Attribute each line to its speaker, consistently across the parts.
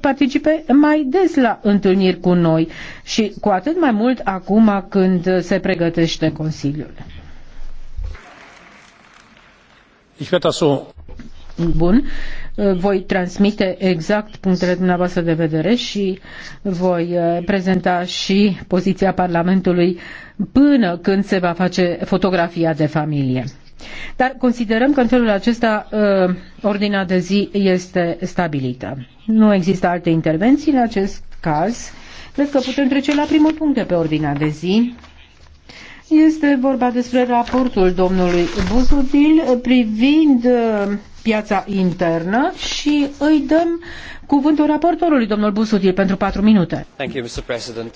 Speaker 1: participe mai des la întâlniri cu noi și cu atât mai mult acum când se pregătește Consiliul. Bun. Voi transmite exact punctele dumneavoastră de vedere și voi eh, prezenta și poziția Parlamentului până când se va face fotografia de familie. Dar considerăm că în felul acesta uh, ordinea de zi este stabilită. Nu există alte intervenții în acest caz. Cred că putem trece la primul punct de pe ordinea de zi. Este vorba despre raportul domnului Buzutil privind uh, piața internă și îi dăm cuvântul
Speaker 2: raportorului, domnul Busutil, pentru patru minute. Thank you, Mr. President.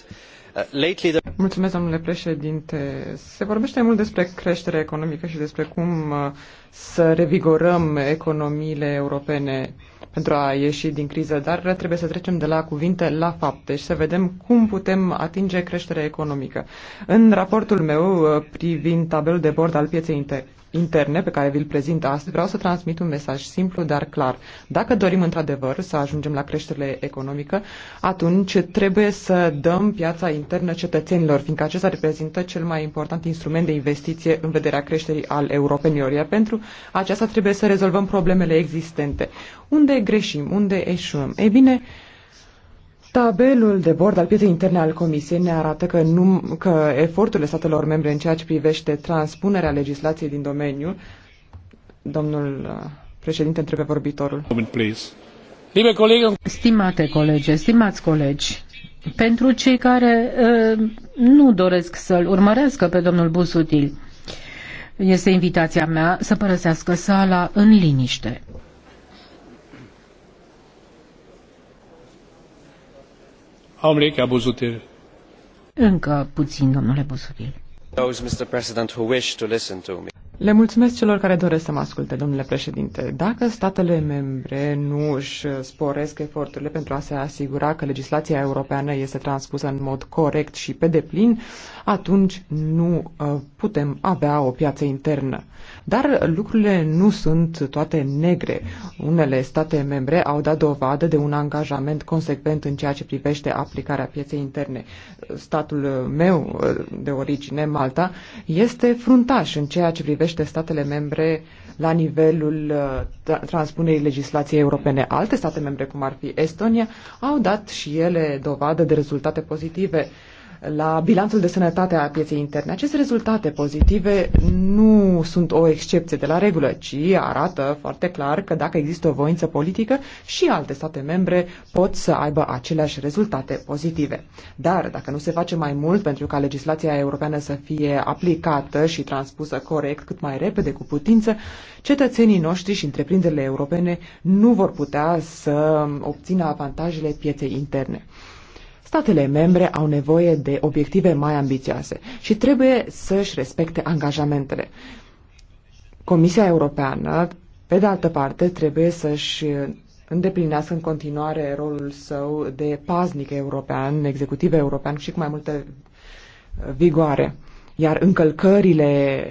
Speaker 2: Uh, Mulțumesc, domnule președinte. Se vorbește mult despre creștere economică și despre cum uh, să revigorăm economiile europene pentru a ieși din criză, dar trebuie să trecem de la cuvinte la fapte și să vedem cum putem atinge creșterea economică. În raportul meu uh, privind tabelul de bord al pieței interne, interne pe care vi-l prezint astăzi, vreau să transmit un mesaj simplu, dar clar. Dacă dorim într-adevăr să ajungem la creșterile economică, atunci trebuie să dăm piața internă cetățenilor, fiindcă acesta reprezintă cel mai important instrument de investiție în vederea creșterii al europenilor. Iar pentru aceasta trebuie să rezolvăm problemele existente. Unde greșim? Unde eșuăm? Ei bine, Tabelul de bord al pieței interne al Comisiei ne arată că, num- că eforturile statelor membre în ceea ce privește transpunerea legislației din domeniu, domnul uh, președinte întrebe vorbitorul. Stimate colegi, stimați colegi,
Speaker 1: pentru cei care uh, nu doresc să-l urmărească pe domnul Busutil, este invitația mea să părăsească sala în liniște.
Speaker 3: Augenblick, Busutil.
Speaker 2: Încă puțin, domnule Busutil. Le mulțumesc celor care doresc să mă asculte, domnule președinte. Dacă statele membre nu își sporesc eforturile pentru a se asigura că legislația europeană este transpusă în mod corect și pe deplin, atunci nu uh, putem avea o piață internă. Dar lucrurile nu sunt toate negre. Unele state membre au dat dovadă de un angajament consecvent în ceea ce privește aplicarea pieței interne. Statul meu de origine, Malta, este fruntaș în ceea ce privește statele membre la nivelul uh, transpunerii legislației europene. Alte state membre, cum ar fi Estonia, au dat și ele dovadă de rezultate pozitive la bilanțul de sănătate a pieței interne. Aceste rezultate pozitive nu sunt o excepție de la regulă, ci arată foarte clar că dacă există o voință politică și alte state membre pot să aibă aceleași rezultate pozitive. Dar dacă nu se face mai mult pentru ca legislația europeană să fie aplicată și transpusă corect cât mai repede cu putință, cetățenii noștri și întreprinderile europene nu vor putea să obțină avantajele pieței interne. Statele membre au nevoie de obiective mai ambițioase și trebuie să-și respecte angajamentele. Comisia Europeană, pe de altă parte, trebuie să-și îndeplinească în continuare rolul său de paznic european, executiv european și cu mai multă vigoare iar încălcările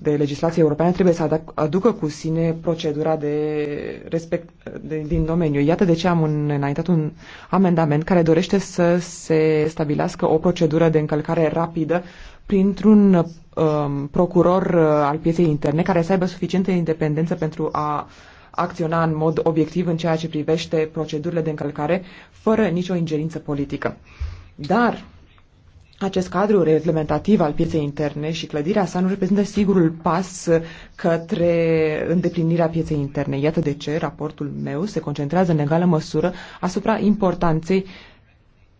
Speaker 2: de legislație europeană trebuie să aducă cu sine procedura de respect de, din domeniu. Iată de ce am un, înaintat un amendament care dorește să se stabilească o procedură de încălcare rapidă printr-un um, procuror uh, al pieței interne care să aibă suficientă independență pentru a acționa în mod obiectiv în ceea ce privește procedurile de încălcare, fără nicio ingerință politică. Dar acest cadru reglementativ al pieței interne și clădirea sa nu reprezintă sigurul pas către îndeplinirea pieței interne. Iată de ce raportul meu se concentrează în egală măsură asupra importanței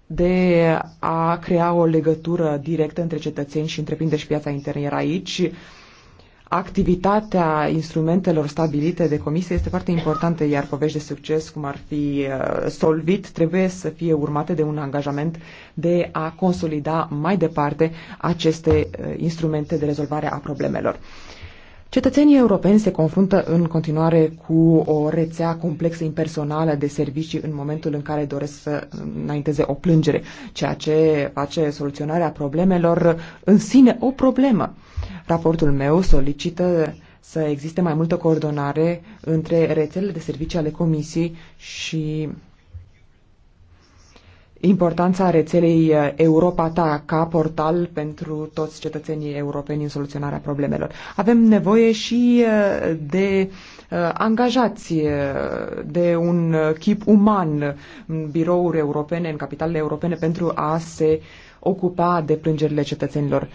Speaker 2: de a crea o legătură directă între cetățeni și întreprinderi și piața internă. Iar aici Activitatea instrumentelor stabilite de comisie este foarte importantă, iar povești de succes, cum ar fi uh, Solvit, trebuie să fie urmate de un angajament de a consolida mai departe aceste uh, instrumente de rezolvare a problemelor. Cetățenii europeni se confruntă în continuare cu o rețea complexă impersonală de servicii în momentul în care doresc să înainteze o plângere, ceea ce face soluționarea problemelor în sine o problemă. Raportul meu solicită să existe mai multă coordonare între rețelele de servicii ale Comisiei și importanța rețelei uh, Europa Ta ca portal pentru toți cetățenii europeni în soluționarea problemelor. Avem nevoie și uh, de uh, angajați, de un chip uman în birouri europene, în capitalele europene pentru a se ocupa de plângerile cetățenilor.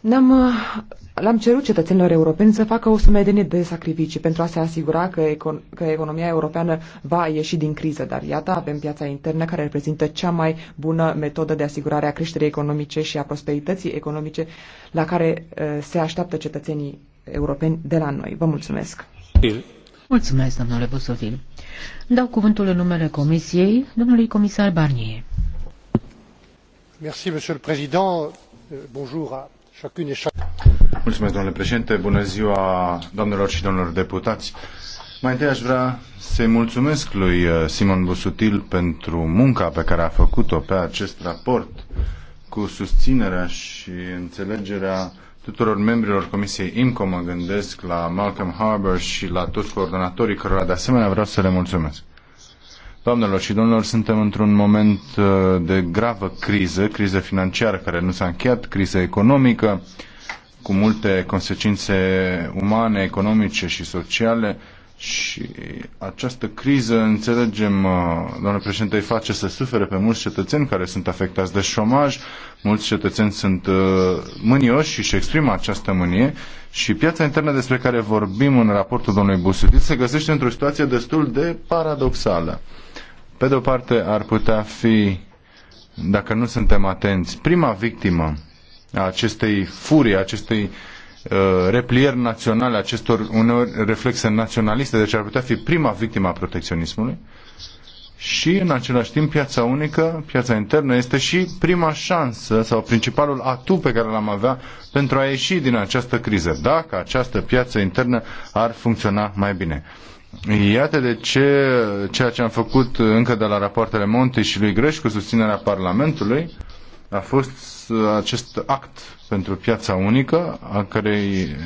Speaker 2: Ne-am, uh, le-am cerut cetățenilor europeni să facă o sumedenie de sacrificii pentru a se asigura că, econ- că economia europeană va ieși din criză, dar iată avem piața internă care reprezintă cea mai bună metodă de asigurare a creșterii economice și a prosperității economice la care uh, se așteaptă cetățenii europeni de la noi. Vă mulțumesc!
Speaker 1: Mulțumesc, domnule Busovil.
Speaker 2: Dau cuvântul în numele Comisiei,
Speaker 1: domnului comisar Barnier.
Speaker 3: Merci, monsieur le président. Euh, bonjour à Mulțumesc, domnule președinte. Bună ziua, doamnelor și domnilor deputați. Mai întâi aș vrea să-i mulțumesc lui uh, Simon Busutil pentru munca pe care a făcut-o pe acest raport cu susținerea și înțelegerea tuturor membrilor Comisiei IMCO, mă gândesc la Malcolm Harbour și la toți coordonatorii cărora de asemenea vreau să le mulțumesc. Doamnelor și domnilor, suntem într-un moment uh, de gravă criză, criză financiară care nu s-a încheiat, criză economică, cu multe consecințe umane, economice și sociale. Și această criză, înțelegem, uh, doamnă președinte, îi face să sufere pe mulți cetățeni care sunt afectați de șomaj, mulți cetățeni sunt uh, mânioși și își exprimă această mânie și piața internă despre care vorbim în raportul domnului Busudit se găsește într-o situație destul de paradoxală. Pe de o parte, ar putea fi, dacă nu suntem atenți, prima victimă a acestei furii, a acestei uh, replieri naționale, acestor uneori reflexe naționaliste, deci ar putea fi prima victimă a protecționismului. Și, în același timp, piața unică, piața internă, este și prima șansă sau principalul atu pe care l-am avea pentru a ieși din această criză, dacă această piață internă ar funcționa mai bine. Iată de ce ceea ce am făcut încă de la rapoartele Monte și lui Greș cu susținerea Parlamentului a fost acest act pentru piața unică, a cărei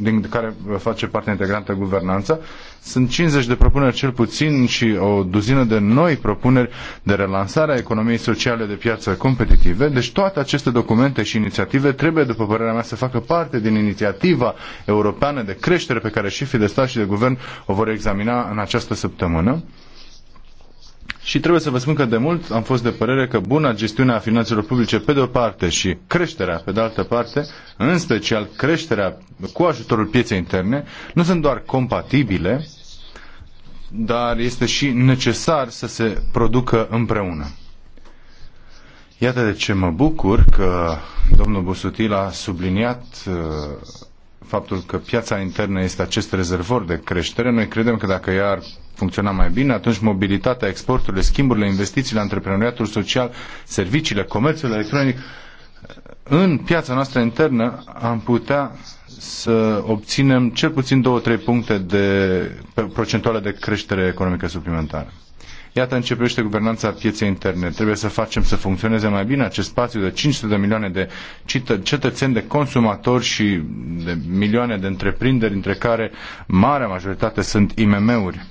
Speaker 3: din care face parte integrantă guvernanța. Sunt 50 de propuneri cel puțin și o duzină de noi propuneri de relansare a economiei sociale de piață competitive. Deci toate aceste documente și inițiative trebuie, după părerea mea, să facă parte din inițiativa europeană de creștere pe care șefii de stat și de guvern o vor examina în această săptămână. Și trebuie să vă spun că de mult am fost de părere că buna gestiune a finanțelor publice pe de o parte și creșterea pe de altă parte, în special creșterea cu ajutorul pieței interne, nu sunt doar compatibile, dar este și necesar să se producă împreună. Iată de ce mă bucur că domnul Busutil a subliniat uh, faptul că piața internă este acest rezervor de creștere. Noi credem că dacă ea ar funcționa mai bine, atunci mobilitatea, exporturile, schimburile, investițiile, antreprenoriatul social, serviciile, comerțul electronic, în piața noastră internă am putea să obținem cel puțin 2-3 puncte de procentuale de creștere economică suplimentară. Iată începește guvernanța pieței interne. Trebuie să facem să funcționeze mai bine acest spațiu de 500 de milioane de cetățeni, de consumatori și de milioane de întreprinderi, între care marea majoritate sunt IMM-uri.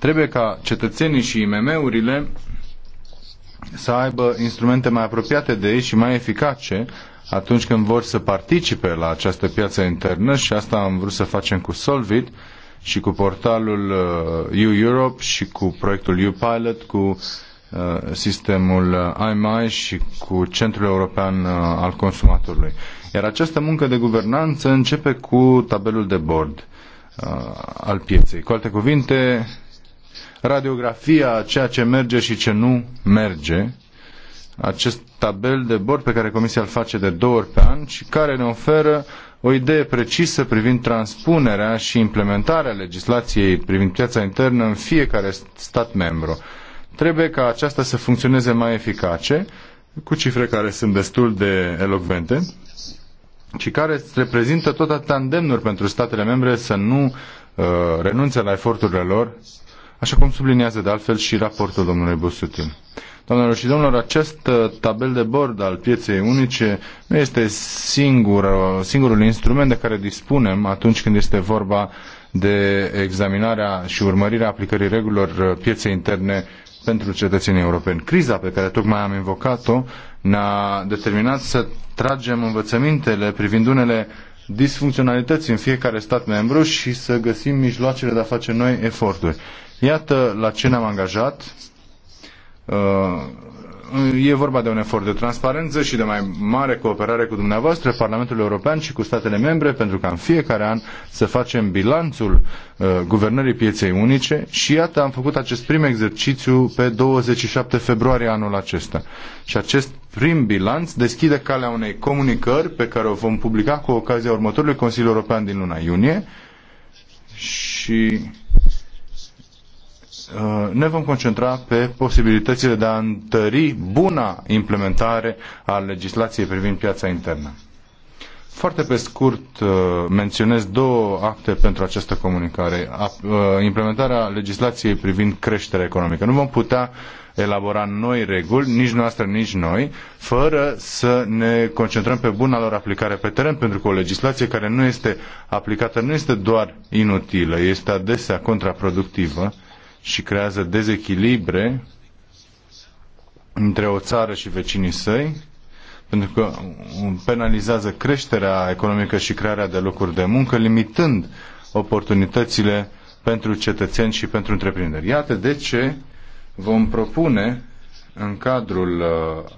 Speaker 3: Trebuie ca cetățenii și IMM-urile să aibă instrumente mai apropiate de ei și mai eficace atunci când vor să participe la această piață internă și asta am vrut să facem cu Solvit și cu portalul uh, u Europe și cu proiectul u Pilot, cu uh, sistemul IMI uh, și cu Centrul European al Consumatorului. Iar această muncă de guvernanță începe cu tabelul de bord al pieței. Cu alte cuvinte, radiografia a ceea ce merge și ce nu merge, acest tabel de bord pe care Comisia îl face de două ori pe an și care ne oferă o idee precisă privind transpunerea și implementarea legislației privind piața internă în fiecare stat membru. Trebuie ca aceasta să funcționeze mai eficace, cu cifre care sunt destul de elocvente, și care reprezintă tot atâta îndemnuri pentru statele membre să nu uh, renunțe la eforturile lor așa cum subliniază de altfel și raportul domnului Busutin. Doamnelor și domnilor, acest uh, tabel de bord al pieței unice nu este singur, uh, singurul instrument de care dispunem atunci când este vorba de examinarea și urmărirea aplicării regulilor uh, pieței interne pentru cetățenii europeni. Criza pe care tocmai am invocat-o ne-a determinat să tragem învățămintele privind unele disfuncționalități în fiecare stat membru și să găsim mijloacele de a face noi eforturi. Iată la ce ne-am angajat. Uh, e vorba de un efort de transparență și de mai mare cooperare cu dumneavoastră, Parlamentul European și cu statele membre, pentru ca în fiecare an să facem bilanțul uh, guvernării pieței unice și iată am făcut acest prim exercițiu pe 27 februarie anul acesta. Și acest prim bilanț deschide calea unei comunicări pe care o vom publica cu ocazia următorului Consiliu European din luna iunie și Uh, ne vom concentra pe posibilitățile de a întări buna implementare a legislației privind piața internă. Foarte pe scurt uh, menționez două acte pentru această comunicare. Uh, implementarea legislației privind creșterea economică. Nu vom putea elabora noi reguli, nici noastră, nici noi, fără să ne concentrăm pe buna lor aplicare pe teren, pentru că o legislație care nu este aplicată nu este doar inutilă, este adesea contraproductivă și creează dezechilibre între o țară și vecinii săi, pentru că penalizează creșterea economică și crearea de locuri de muncă, limitând oportunitățile pentru cetățeni și pentru întreprinderi. Iată de ce vom propune în cadrul uh,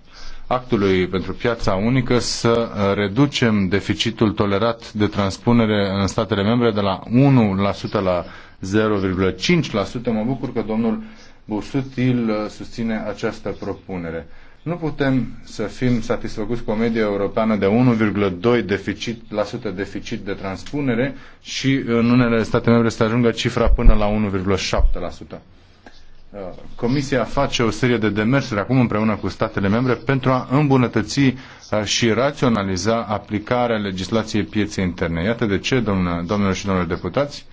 Speaker 3: actului pentru piața unică să uh, reducem deficitul tolerat de transpunere în statele membre de la 1% la 0,5%. Mă bucur că domnul Busutil uh, susține această propunere. Nu putem să fim satisfăcuți cu o medie europeană de 1,2% deficit, la sută deficit de transpunere și în unele state membre să ajungă cifra până la 1,7%. Uh, Comisia face o serie de demersuri acum împreună cu statele membre pentru a îmbunătăți uh, și raționaliza aplicarea legislației pieței interne. Iată de ce, domnilor și domnilor deputați,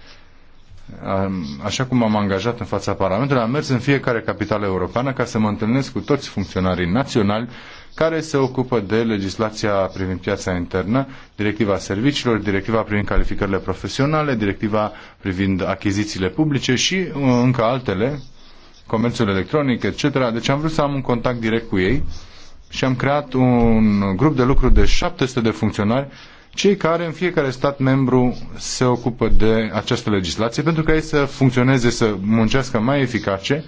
Speaker 3: așa cum am angajat în fața Parlamentului, am mers în fiecare capitală europeană ca să mă întâlnesc cu toți funcționarii naționali care se ocupă de legislația privind piața internă, directiva serviciilor, directiva privind calificările profesionale, directiva privind achizițiile publice și uh, încă altele, comerțul electronic, etc. Deci am vrut să am un contact direct cu ei și am creat un grup de lucru de 700 de funcționari cei care în fiecare stat membru se ocupă de această legislație pentru ca ei să funcționeze, să muncească mai eficace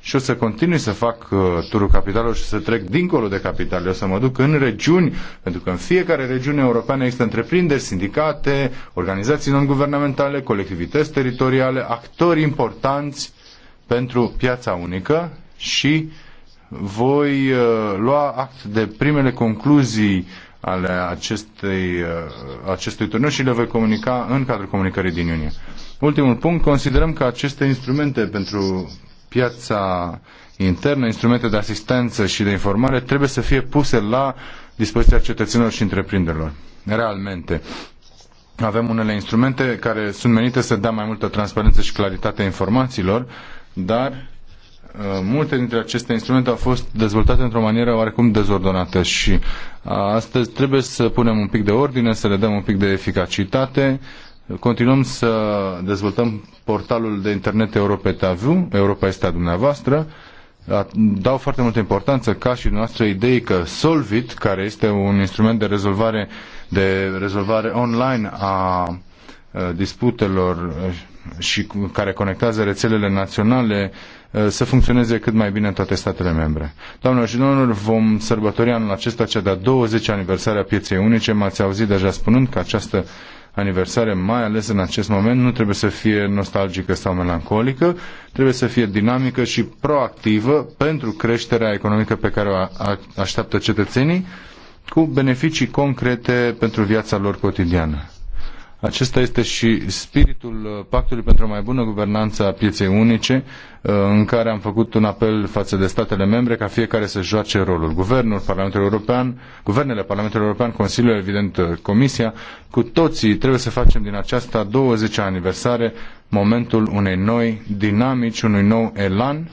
Speaker 3: și o să continui să fac uh, turul capitalului și să trec dincolo de capitale. O să mă duc în regiuni, pentru că în fiecare regiune europeană există întreprinderi, sindicate, organizații non-guvernamentale, colectivități teritoriale, actori importanți pentru piața unică și voi uh, lua act de primele concluzii ale acestei, uh, acestui turneu și le voi comunica în cadrul comunicării din iunie. Ultimul punct, considerăm că aceste instrumente pentru piața internă, instrumente de asistență și de informare trebuie să fie puse la dispoziția cetățenilor și întreprinderilor. Realmente. Avem unele instrumente care sunt menite să dea mai multă transparență și claritate informațiilor, dar Uh, multe dintre aceste instrumente au fost dezvoltate într-o manieră oarecum dezordonată și uh, astăzi trebuie să punem un pic de ordine, să le dăm un pic de eficacitate. Continuăm să dezvoltăm portalul de internet TV, Europa este a dumneavoastră. Dau foarte multă importanță ca și noastră idei că Solvit, care este un instrument de rezolvare, de rezolvare online a disputelor și care conectează rețelele naționale Eh, să funcționeze cât mai bine în toate statele membre. Doamnelor și domnilor, vom sărbători anul acesta cea de-a 20 aniversare a pieței unice. M-ați auzit deja spunând că această aniversare, mai ales în acest moment, nu trebuie să fie nostalgică sau melancolică, trebuie să fie dinamică și proactivă pentru creșterea economică pe care o așteaptă cetățenii, cu beneficii concrete pentru viața lor cotidiană. Acesta este și spiritul uh, Pactului pentru o mai bună guvernanță a pieței unice, uh, în care am făcut un apel față de statele membre ca fiecare să joace rolul. Guvernul Parlamentul European, guvernele Parlamentului European, Consiliul, evident, uh, Comisia, cu toții trebuie să facem din aceasta 20-a aniversare momentul unei noi dinamici, unui nou elan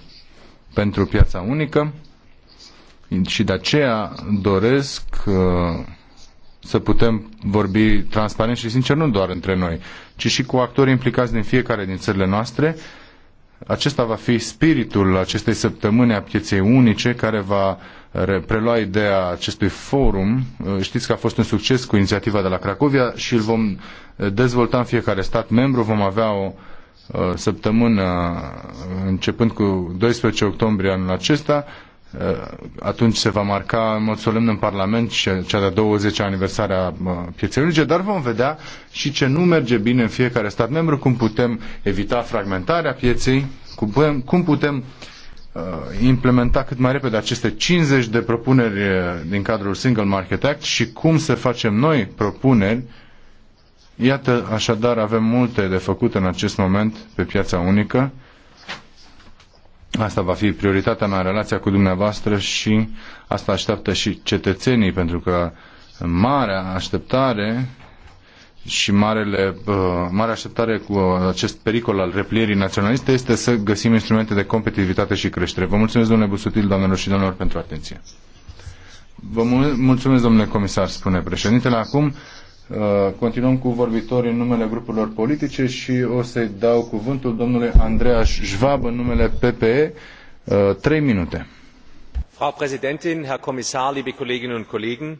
Speaker 3: pentru piața unică și de aceea doresc să putem vorbi transparent și sincer, nu doar între noi, ci și cu actorii implicați din fiecare din țările noastre. Acesta va fi spiritul acestei săptămâni a pieței unice care va prelua ideea acestui forum. Știți că a fost un succes cu inițiativa de la Cracovia și îl vom dezvolta în fiecare stat membru. Vom avea o uh, săptămână începând cu 12 octombrie anul acesta Uh, atunci se va marca în mod solemn în Parlament cea de-a 20-a aniversare a uh, pieței unice, dar vom vedea și ce nu merge bine în fiecare stat membru, cum putem evita fragmentarea pieței, cum putem, cum putem uh, implementa cât mai repede aceste 50 de propuneri din cadrul Single Market Act și cum să facem noi propuneri. Iată, așadar, avem multe de făcut în acest moment pe piața unică Asta va fi prioritatea mea în relația cu dumneavoastră și asta așteaptă și cetățenii, pentru că marea așteptare și marele, uh, mare așteptare cu acest pericol al replierii naționaliste este să găsim instrumente de competitivitate și creștere. Vă mulțumesc, domnule Busutil, doamnelor și domnilor, pentru atenție. Vă mulțumesc, domnule comisar, spune președintele. Acum Uh, continuăm cu vorbitorii în numele grupurilor politice și o să-i dau cuvântul domnului Andreas Schwab în numele PPE. Uh, trei minute. Frau Präsidentin, Herr Kommissar, liebe Kolleginnen und Kollegen,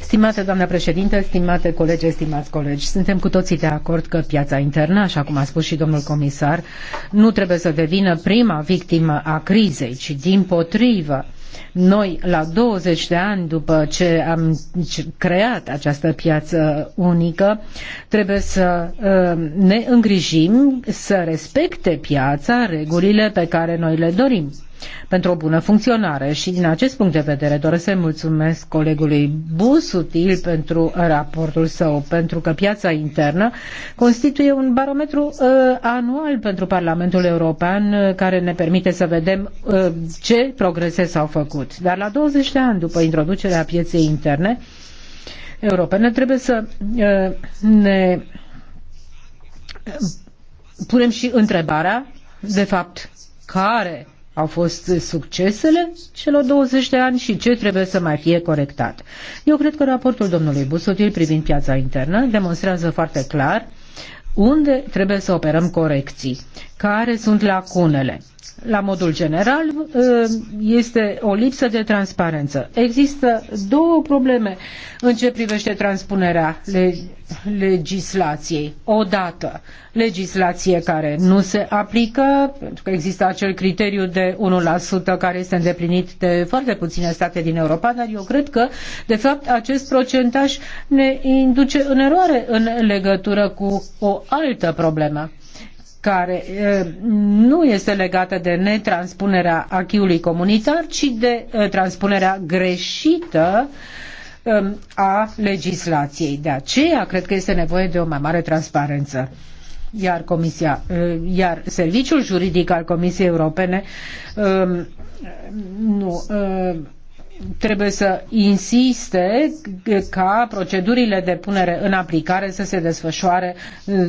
Speaker 1: Stimate doamnă președinte, stimate colegi, stimați colegi, suntem cu toții de acord că piața internă, așa cum a spus și domnul comisar, nu trebuie să devină prima victimă a crizei, ci din potrivă noi, la 20 de ani după ce am creat această piață unică, trebuie să uh, ne îngrijim să respecte piața regulile pe care noi le dorim pentru o bună funcționare și din acest punct de vedere doresc să mulțumesc colegului Busutil pentru raportul său, pentru că piața internă constituie un barometru uh, anual pentru Parlamentul European uh, care ne permite să vedem uh, ce progrese s-au făcut. Dar la 20 de ani după introducerea pieței interne europene trebuie să uh, ne uh, punem și întrebarea, de fapt, care au fost succesele celor 20 de ani și ce trebuie să mai fie corectat. Eu cred că raportul domnului Busutil privind piața internă demonstrează foarte clar unde trebuie să operăm corecții care sunt lacunele. La modul general, ă, este o lipsă de transparență. Există două probleme în ce privește transpunerea legislației. O dată, legislație care nu se aplică, pentru că există acel criteriu de 1% care este îndeplinit de foarte puține state din Europa, dar eu cred că, de fapt, acest procentaj ne induce în eroare în legătură cu o altă problemă care nu este legată de netranspunerea achiului comunitar, ci de transpunerea greșită a legislației. De aceea, cred că este nevoie de o mai mare transparență iar comisia iar serviciul juridic al Comisiei Europene nu trebuie să insiste ca procedurile de punere în aplicare să se desfășoare uh,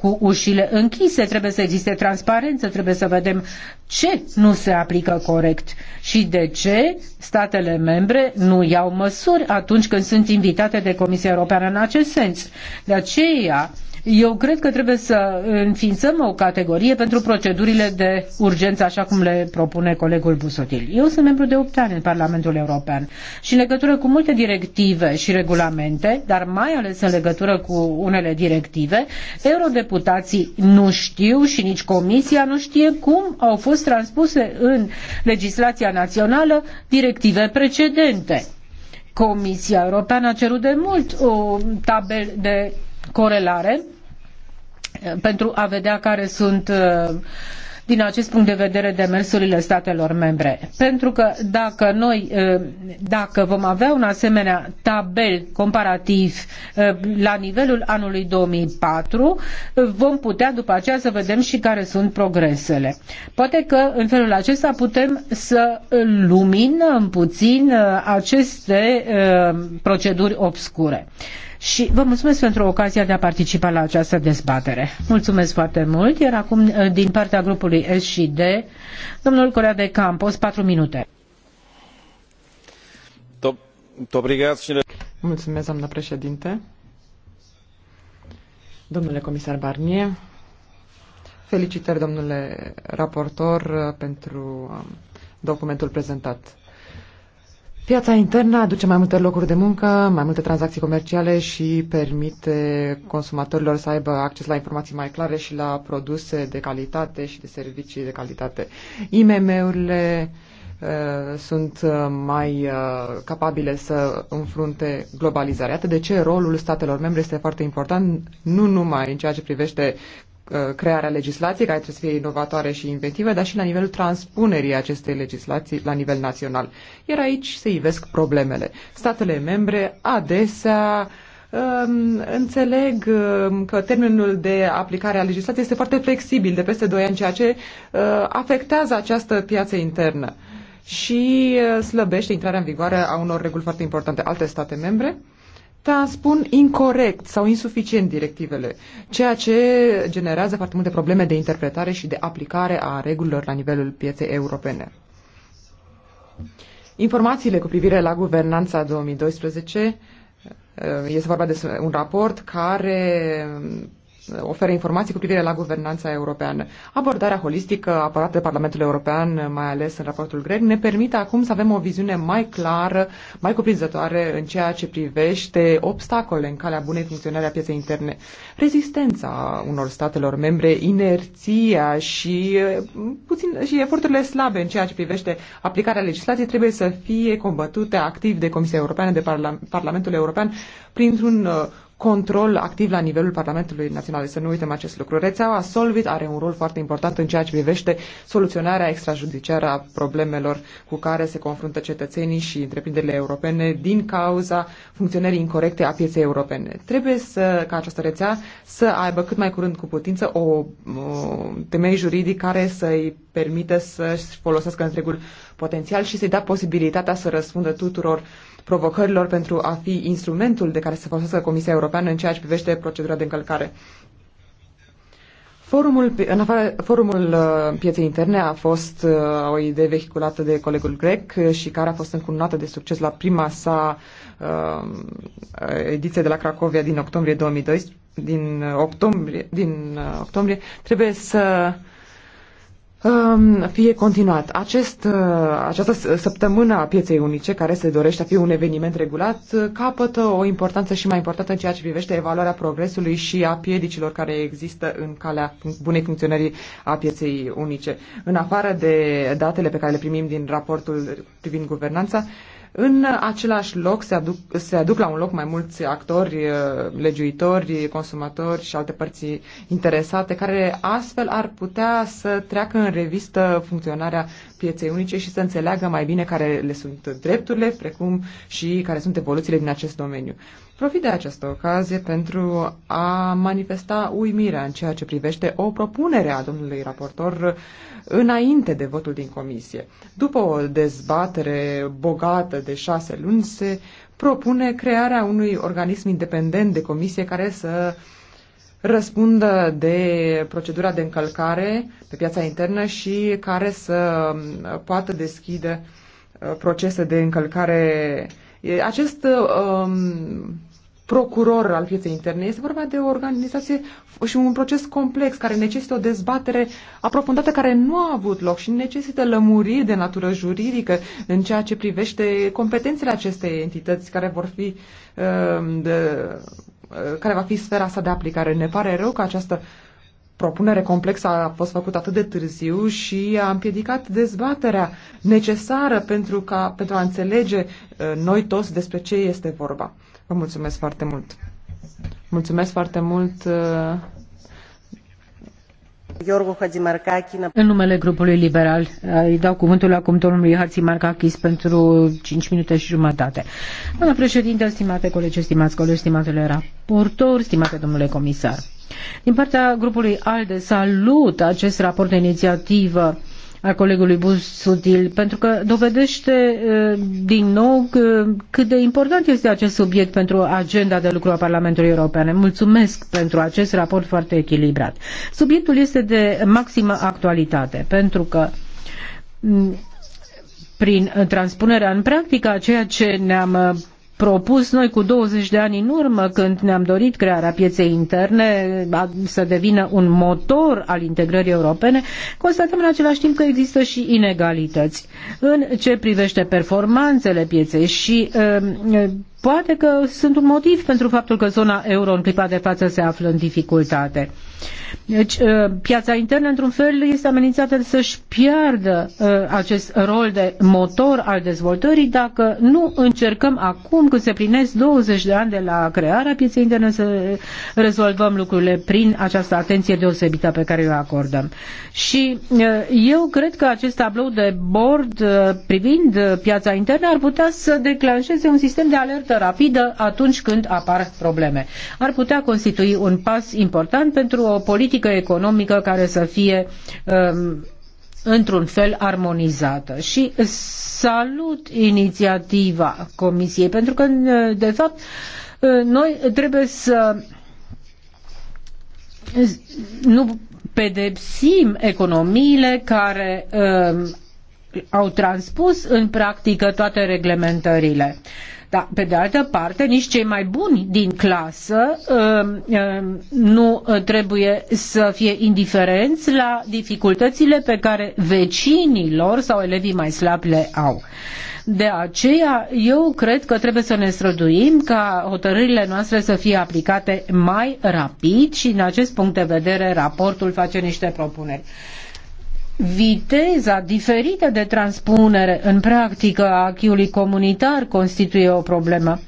Speaker 1: cu ușile închise, trebuie să existe transparență, trebuie să vedem ce nu se aplică corect și de ce statele membre nu iau măsuri atunci când sunt invitate de Comisia Europeană în acest sens. De aceea, eu cred că trebuie să înființăm o categorie pentru procedurile de urgență, așa cum le propune colegul Busotil. Eu sunt membru de 8 ani în Parlamentul European și în legătură cu multe directive și regulamente, dar mai ales în legătură cu unele directive, eurodeputații nu știu și nici Comisia nu știe cum au fost transpuse în legislația națională directive precedente. Comisia Europeană a cerut de mult o tabel de corelare pentru a vedea care sunt uh, din acest punct de vedere demersurile statelor membre. Pentru că dacă noi, uh, dacă vom avea un asemenea tabel comparativ uh, la nivelul anului 2004, vom putea după aceea să vedem și care sunt progresele. Poate că în felul acesta putem să luminăm puțin aceste proceduri obscure și vă mulțumesc pentru ocazia de a participa la această dezbatere. Mulțumesc foarte mult, iar acum eh, din partea grupului S și D, domnul Corea de
Speaker 2: Campos, patru minute. Mulțumesc, doamnă președinte. Domnule comisar Barnier, felicitări, domnule raportor, eh, pentru um, documentul prezentat. Piața internă aduce mai multe locuri de muncă, mai multe tranzacții comerciale și permite consumatorilor să aibă acces la informații mai clare și la produse de calitate și de servicii de calitate. IMM-urile uh, sunt uh, mai uh, capabile să înfrunte globalizarea. Atât de ce rolul statelor membre este foarte important, nu numai în ceea ce privește Uh, crearea legislației, care trebuie să fie inovatoare și inventive, dar și la nivelul transpunerii acestei legislații la nivel național. Iar aici se ivesc problemele. Statele membre adesea um, Înțeleg um, că termenul de aplicare a legislației este foarte flexibil, de peste 2 ani, ceea ce uh, afectează această piață internă și uh, slăbește intrarea în vigoare a unor reguli foarte importante. Alte state membre transpun incorrect sau insuficient directivele, ceea ce generează foarte multe probleme de interpretare și de aplicare a regulilor la nivelul pieței europene. Informațiile cu privire la guvernanța 2012 este vorba de un raport care oferă informații cu privire la guvernanța europeană. Abordarea holistică apărată de Parlamentul European, mai ales în raportul grec, ne permite acum să avem o viziune mai clară, mai cuprinzătoare în ceea ce privește obstacole în calea bunei funcționare a pieței interne. Rezistența unor statelor membre, inerția și, puțin, și eforturile slabe în ceea ce privește aplicarea legislației trebuie să fie combătute activ de Comisia Europeană, de Parla- Parlamentul European, printr-un uh, control activ la nivelul Parlamentului Național. Să nu uităm acest lucru. Rețeaua Solvit are un rol foarte important în ceea ce privește soluționarea extrajudiciară a problemelor cu care se confruntă cetățenii și întreprinderile europene din cauza funcționării incorrecte a pieței europene. Trebuie să, ca această rețea să aibă cât mai curând cu putință o, o temei juridic care să-i permită să-și folosească întregul potențial și să-i dea posibilitatea să răspundă tuturor uh, provocărilor pentru a fi instrumentul de care se folosească Comisia Europeană în ceea ce privește procedura de încălcare. Forumul, în afară, forumul uh, pieței interne a fost uh, o idee vehiculată de colegul grec uh, și care a fost încununată de succes la prima sa uh, ediție de la Cracovia din octombrie 2012. Din octombrie, din octombrie trebuie să uh, Um, fie continuat. Acest, uh, această săptămână a pieței unice, care se dorește a fi un eveniment regulat, capătă o importanță și mai importantă în ceea ce privește evaluarea progresului și a piedicilor care există în calea bunei funcționării a pieței unice. În afară de datele pe care le primim din raportul privind guvernanța, în același loc se aduc, se aduc la un loc mai mulți actori, eh, legiuitori, consumatori și alte părți interesate, care astfel ar putea să treacă în revistă funcționarea pieței unice și să înțeleagă mai bine care le sunt drepturile, precum și care sunt evoluțiile din acest domeniu. Profit de această ocazie pentru a manifesta uimirea în ceea ce privește o propunere a domnului raportor înainte de votul din comisie. După o dezbatere bogată de șase luni, se propune crearea unui organism independent de comisie care să uh, răspundă de procedura de încălcare pe piața internă și care să uh, poată deschide uh, procese de încălcare. Acest um, procuror al pieței interne este vorba de o organizație și un proces complex care necesită o dezbatere aprofundată care nu a avut loc și necesită lămuriri de natură juridică în ceea ce privește competențele acestei entități care vor fi um, de, Eh, care va fi sfera sa de aplicare. Ne pare rău că această propunere complexă a fost făcută atât de târziu și a împiedicat dezbaterea necesară pentru, ca, pentru a înțelege eh, noi toți despre ce este vorba. Vă mulțumesc foarte mult! Mulțumesc foarte mult! Eh,
Speaker 1: în numele grupului liberal îi dau cuvântul acum domnului Hatzimarkakis pentru 5 minute și jumătate. Doamna președinte, stimate colegi, stimați colegi, stimatele raportori, stimate domnule comisar. Din partea grupului ALDE salut acest raport de inițiativă a colegului Busutil, pentru că dovedește din nou cât de important este acest subiect pentru agenda de lucru a Parlamentului European. Mulțumesc pentru acest raport foarte echilibrat. Subiectul este de maximă actualitate, pentru că prin transpunerea în practică a ceea ce ne-am propus noi cu 20 de ani în urmă, când ne-am dorit crearea pieței interne să devină un motor al integrării europene, constatăm în același timp că există și inegalități în ce privește performanțele pieței și um, poate că sunt un motiv pentru faptul că zona euro în clipa de față se află în dificultate. Deci, uh, piața internă, într-un fel, este amenințată să-și piardă uh, acest rol de motor al dezvoltării dacă nu încercăm acum, când se plinesc 20 de ani de la crearea pieței interne, să rezolvăm lucrurile prin această atenție deosebită pe care o acordăm. Și uh, eu cred că acest tablou de bord privind piața internă ar putea să declanșeze un sistem de alertă rapidă atunci când apar probleme. Ar putea constitui un pas important pentru o politică politică economică care să fie um, într-un fel armonizată. Și salut inițiativa Comisiei, pentru că, uh, de fapt, uh, noi trebuie să uh, nu pedepsim economiile care um, au transpus în practică toate reglementările. Dar, pe de altă parte, nici cei mai buni din clasă um, um, nu uh, trebuie să fie indiferenți la dificultățile pe care vecinii lor sau elevii mai slabi le au. De aceea, eu cred că trebuie să ne străduim ca hotărârile noastre să fie aplicate mai rapid și, în acest punct de vedere, raportul face niște propuneri viteza diferită de transpunere în practică a acquis comunitar constituie o problemă.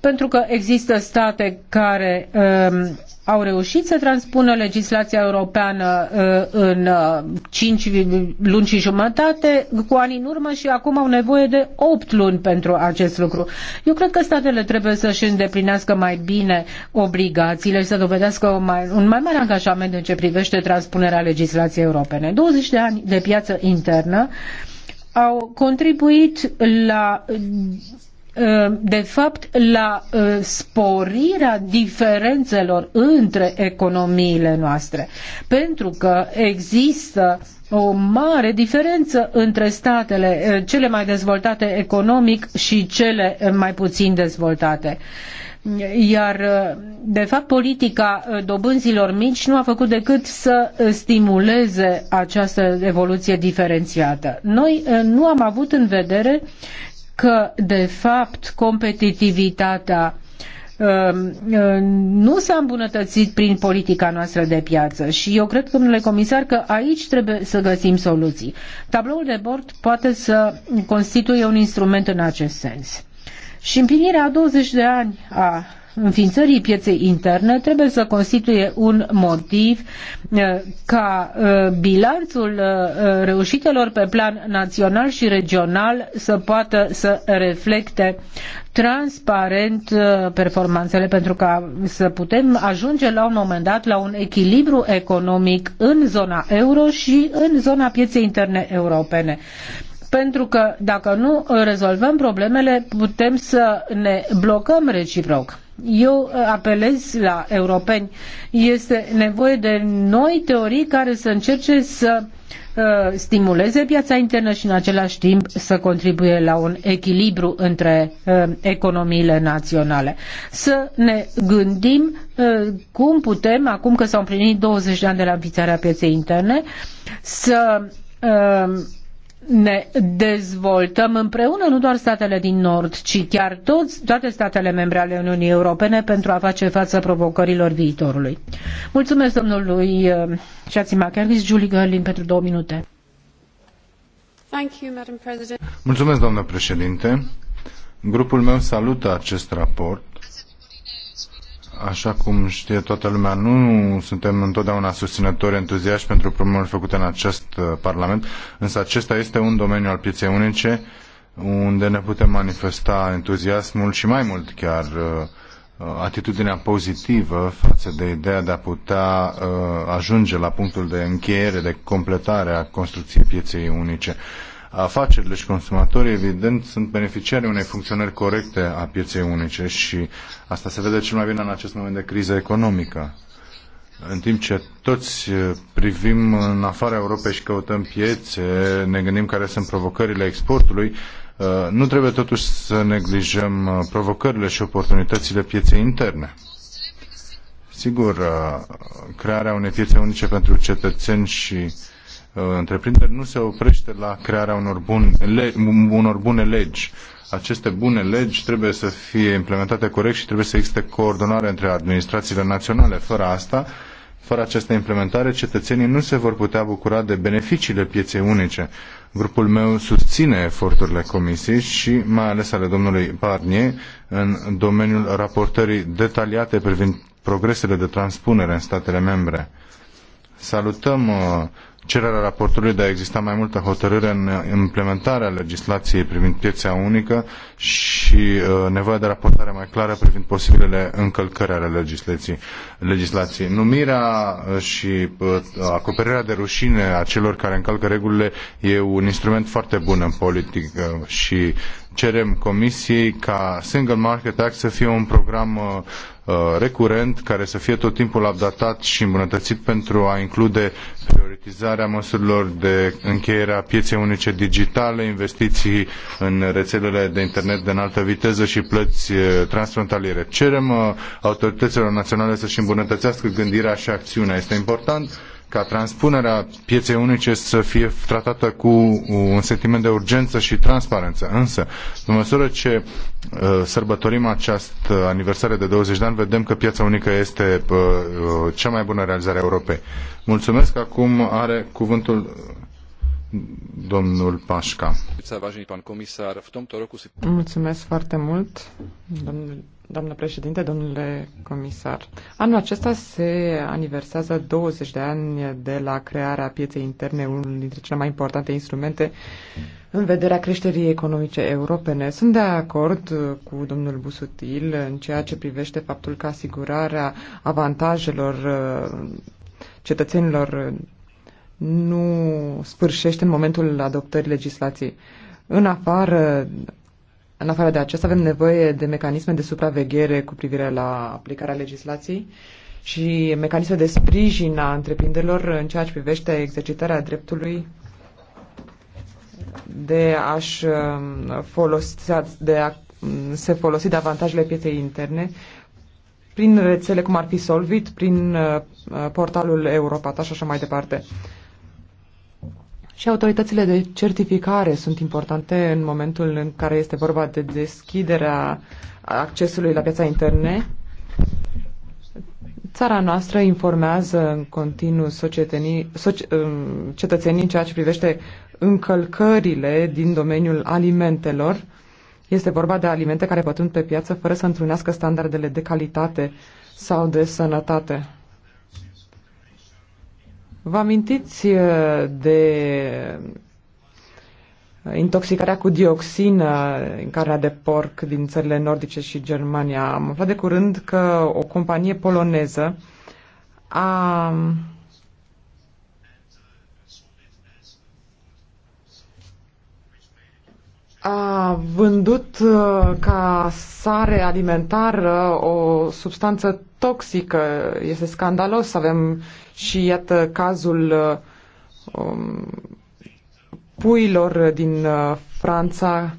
Speaker 1: Pentru că există state care uh, au reușit să transpună legislația europeană uh, în 5 uh, luni și jumătate, cu ani în urmă și acum au nevoie de 8 luni pentru acest lucru. Eu cred că statele trebuie să-și îndeplinească mai bine obligațiile și să dovedească un mai, un mai mare angajament în ce privește transpunerea legislației europene. 20 de ani de piață internă au contribuit la Uh, de fapt la uh, sporirea diferențelor între economiile noastre, pentru că există o mare diferență între statele uh, cele mai dezvoltate economic și cele mai puțin dezvoltate. Iar, de fapt, politica dobânzilor mici nu a făcut decât să stimuleze această evoluție diferențiată. Noi nu am avut în vedere că, de fapt, competitivitatea um, um, nu s-a îmbunătățit prin politica noastră de piață și eu cred, domnule comisar, că aici trebuie să găsim soluții. Tabloul de bord poate să constituie un instrument în acest sens. Și împlinirea a 20 de ani a înființării pieței interne trebuie să constituie un motiv uh, ca uh, bilanțul uh, reușitelor pe plan național și regional să poată să reflecte transparent performanțele pentru ca să putem ajunge la un moment dat la un echilibru economic în zona euro și în zona pieței interne europene pentru că dacă nu rezolvăm problemele, putem să ne blocăm reciproc. Eu apelez la europeni. Este nevoie de noi teorii care să încerce să uh, stimuleze piața internă și în același timp să contribuie la un echilibru între uh, economiile naționale. Să ne gândim uh, cum putem, acum că s-au împlinit 20 de ani de la înființarea pieței interne, să uh, ne dezvoltăm împreună, nu doar statele din Nord, ci chiar toți, toate statele membre ale Uniunii Europene pentru a face față provocărilor viitorului. Mulțumesc domnului Șațimacherdis, uh, Julie Gerlin, pentru două minute.
Speaker 4: Thank you, Madam President.
Speaker 3: Mulțumesc, doamnă președinte. Grupul meu salută acest raport așa cum știe toată lumea, nu suntem întotdeauna susținători entuziaști pentru propuneri făcute în acest uh, Parlament, însă acesta este un domeniu al pieței unice unde ne putem manifesta entuziasmul și mai mult chiar uh, uh, atitudinea pozitivă față de ideea de a putea ajunge la punctul de încheiere, de completare a construcției pieței unice afacerile și consumatorii, evident, sunt beneficiari unei funcționări corecte a pieței unice și asta se vede cel mai bine în acest moment de criză economică. În timp ce toți eh, privim în afara Europei și căutăm piețe, ne gândim care sunt provocările exportului, eh, nu trebuie totuși să neglijăm eh, provocările și oportunitățile pieței interne. Sigur, crearea unei piețe unice pentru cetățeni și Uh, întreprinderi nu se oprește la crearea unor, bun, le, unor bune legi. Aceste bune legi trebuie să fie implementate corect și trebuie să existe coordonare între administrațiile naționale. Fără asta, fără această implementare, cetățenii nu se vor putea bucura de beneficiile pieței unice. Grupul meu susține eforturile comisiei și mai ales ale domnului Barnier în domeniul raportării detaliate privind progresele de transpunere în statele membre. Salutăm uh, cererea raportului de a exista mai multă hotărâre în implementarea legislației privind piața unică și uh, nevoia de raportare mai clară privind posibilele încălcări ale legislației. legislației. Numirea uh, și uh, acoperirea de rușine a celor care încalcă regulile e un instrument foarte bun în politică și cerem Comisiei ca Single Market Act să fie un program uh, uh, recurent care să fie tot timpul updatat și îmbunătățit pentru a include prioritizarea măsurilor de încheiere a pieței unice digitale, investiții în rețelele de internet de înaltă viteză și plăți uh, transfrontaliere. Cerem autorităților naționale să-și îmbunătățească gândirea și acțiunea. Este important ca transpunerea pieței unice să fie tratată cu un sentiment de urgență și transparență. Însă, pe măsură ce uh, sărbătorim această uh, aniversare de 20 de ani, vedem că piața unică este uh, cea mai bună realizare a Europei. Mulțumesc. Acum are cuvântul domnul Pașca.
Speaker 2: Mulțumesc foarte mult, domnul Doamnă președinte, domnule comisar, anul acesta se aniversează 20 de ani de la crearea pieței interne, unul dintre cele mai importante instrumente în vederea creșterii economice europene. Sunt de acord cu domnul Busutil în ceea ce privește faptul că asigurarea avantajelor uh, cetățenilor uh, nu sfârșește în momentul adoptării legislației. În afară în afară de acesta, avem nevoie de mecanisme de supraveghere cu privire la aplicarea legislației și mecanisme de sprijin a întreprinderilor în ceea ce privește exercitarea dreptului de a-și um, folosi, de a um, se folosi de avantajele pieței interne prin rețele cum ar fi Solvit, prin uh, uh, portalul Europata și așa mai departe. Și autoritățile de certificare sunt importante în momentul în care este vorba de deschiderea accesului la piața interne. Țara noastră informează în continuu soci, um, cetățenii în ceea ce privește încălcările din domeniul alimentelor. Este vorba de alimente care pătrund pe piață fără să întrunească standardele de calitate sau de sănătate. Vă amintiți uh, de uh, intoxicarea cu dioxină în carnea de porc din țările nordice și Germania? Am aflat de curând că o companie poloneză a a vândut uh, ca sare alimentară o substanță toxică. Este scandalos să avem și, iată, cazul um, puilor din uh, Franța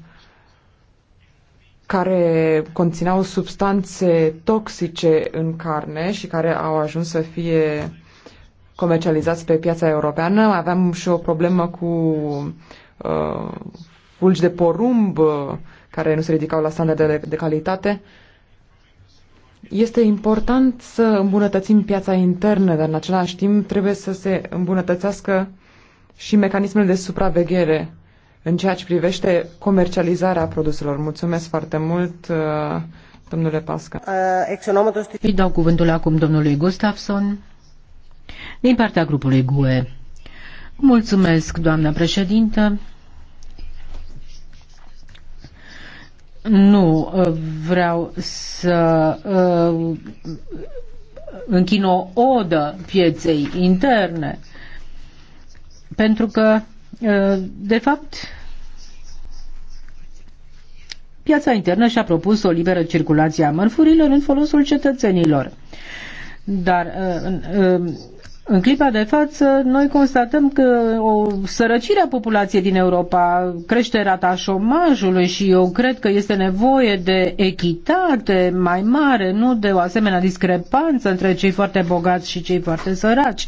Speaker 2: care conțineau substanțe toxice în carne și care au ajuns să fie comercializați pe piața europeană. Aveam și o problemă cu uh, fulgi de porumb uh, care nu se ridicau la standardele de, de calitate. Uh, este important să îmbunătățim piața internă, dar în același timp trebuie să se îmbunătățească și mecanismele de supraveghere în ceea ce privește comercializarea produselor. Mulțumesc foarte mult, uh, domnule Pasca.
Speaker 1: Uh, Îi
Speaker 2: dau cuvântul acum domnului Gustafson din partea
Speaker 1: grupului GUE. Mulțumesc, doamna președintă. Nu uh, vreau să uh, închin o odă pieței interne, pentru că, uh, de fapt, piața internă și-a propus o liberă circulație a mărfurilor în folosul cetățenilor. Dar uh, uh, în clipa de față, noi constatăm că o sărăcire a populației din Europa crește rata șomajului și eu cred că este nevoie de echitate mai mare, nu de o asemenea discrepanță între cei foarte bogați și cei foarte săraci.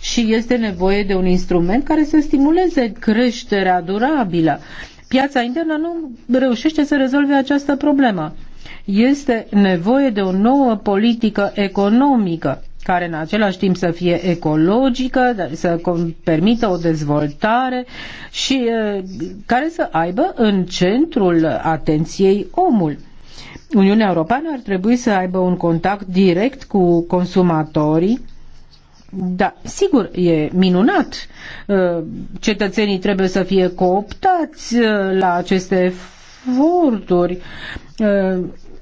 Speaker 1: Și este nevoie de un instrument care să stimuleze creșterea durabilă. Piața internă nu reușește să rezolve această problemă. Este nevoie de o nouă politică economică care în același timp să fie ecologică, să permită o dezvoltare și care să aibă în centrul atenției omul. Uniunea Europeană ar trebui să aibă un contact direct cu consumatorii. Da, sigur, e minunat. Cetățenii trebuie să fie cooptați la aceste eforturi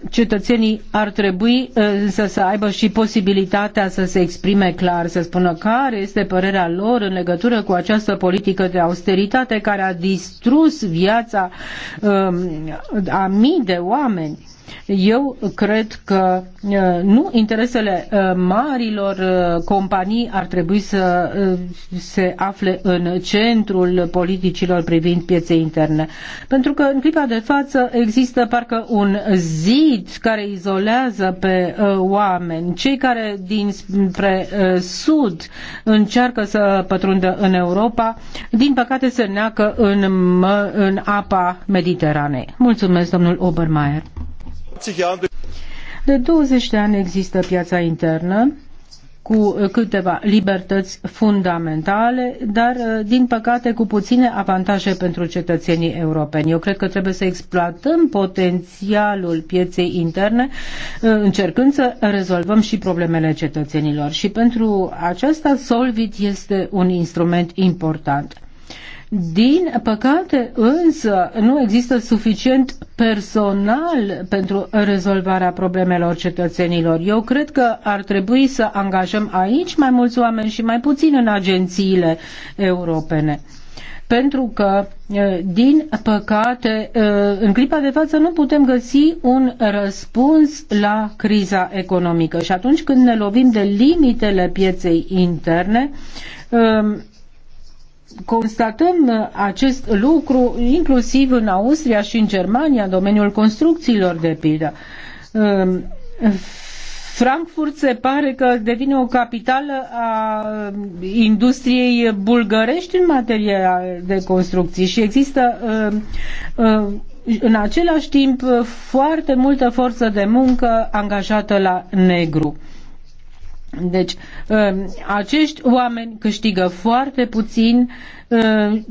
Speaker 1: cetățenii ar trebui uh, să, să aibă și posibilitatea să se exprime clar, să spună care este părerea lor în legătură cu această politică de austeritate care a distrus viața um, a mii de oameni. Eu cred că uh, nu interesele uh, marilor uh, companii ar trebui să se afle în centrul politicilor privind pieței interne. Pentru că în clipa de față există parcă un zid care izolează pe oameni. Cei care din spre sud încearcă să pătrundă în Europa, din păcate se neacă în, în apa Mediteranei. Mulțumesc, domnul Obermeier. De 20 de ani există piața internă cu uh, câteva libertăți fundamentale, dar uh, din păcate cu puține avantaje pentru cetățenii europeni. Eu cred că trebuie să exploatăm potențialul pieței interne, uh, încercând să rezolvăm și problemele cetățenilor. Și pentru aceasta Solvit este un instrument important. Din păcate, însă, nu există suficient personal pentru rezolvarea problemelor cetățenilor. Eu cred că ar trebui să angajăm aici mai mulți oameni și mai puțin în agențiile europene pentru că, din păcate, în clipa de față nu putem găsi un răspuns la criza economică. Și atunci când ne lovim de limitele pieței interne, constatăm uh, acest lucru inclusiv în Austria și în Germania, în domeniul construcțiilor de pildă. Um, Frankfurt se pare că devine o capitală a uh, industriei bulgărești în materie de construcții și există um, um, în același timp foarte multă forță de muncă angajată la negru. Deci, um, acești oameni câștigă foarte puțin, um,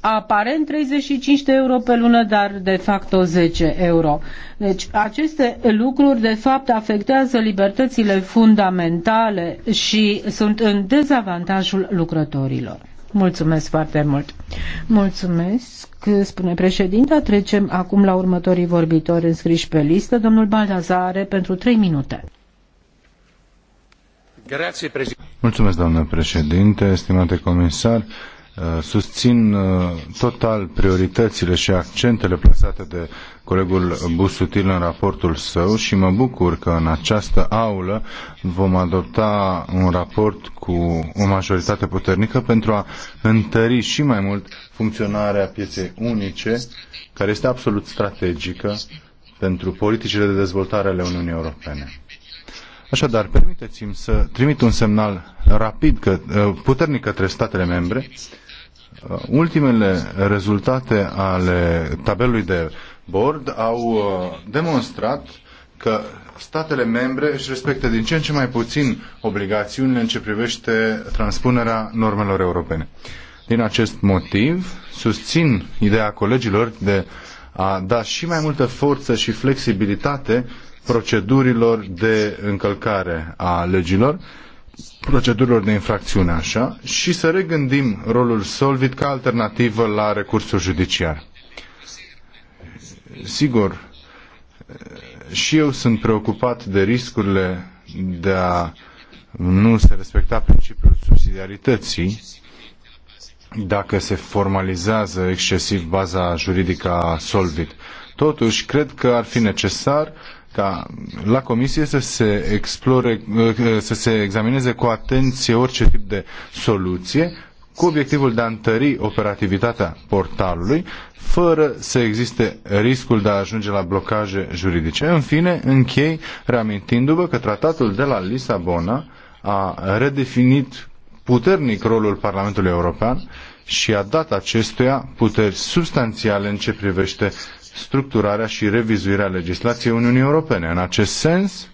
Speaker 1: aparent 35 de euro pe lună, dar de fapt 10 euro. Deci, aceste lucruri, de fapt, afectează libertățile fundamentale și sunt în dezavantajul lucrătorilor. Mulțumesc foarte mult. Mulțumesc, spune președinta. Trecem acum la următorii vorbitori înscriși pe listă. Domnul Baldazare, pentru 3 minute.
Speaker 3: Mulțumesc, doamnă președinte, stimate comisar. Uh, susțin uh, total prioritățile și accentele plasate de colegul Busutil în raportul său și mă bucur că în această aulă vom adopta un raport cu o majoritate puternică pentru a întări și mai mult funcționarea pieței unice, care este absolut strategică pentru politicile de dezvoltare ale Uniunii Europene. Așadar, permiteți-mi să trimit un semnal rapid, că, uh, puternic către statele membre. Uh, ultimele rezultate ale tabelului de bord au uh, demonstrat că statele membre își respectă din ce în ce mai puțin obligațiunile în ce privește transpunerea normelor europene. Din acest motiv, susțin ideea colegilor de a da și mai multă forță și flexibilitate procedurilor de încălcare a legilor, procedurilor de infracțiune, așa, și să regândim rolul Solvit ca alternativă la recursul judiciar. Sigur, și eu sunt preocupat de riscurile de a nu se respecta principiul subsidiarității dacă se formalizează excesiv baza juridică a Solvit. Totuși, cred că ar fi necesar uh, ca la comisie să se explore, eh, să se examineze cu atenție orice tip de soluție cu obiectivul de a întări operativitatea portalului, fără să existe riscul de a ajunge la blocaje juridice. În fine, închei reamintindu-vă că tratatul de la Lisabona a redefinit puternic rolul Parlamentului European și a dat acestuia puteri substanțiale în ce privește structurarea și revizuirea legislației Uniunii Europene. În acest sens,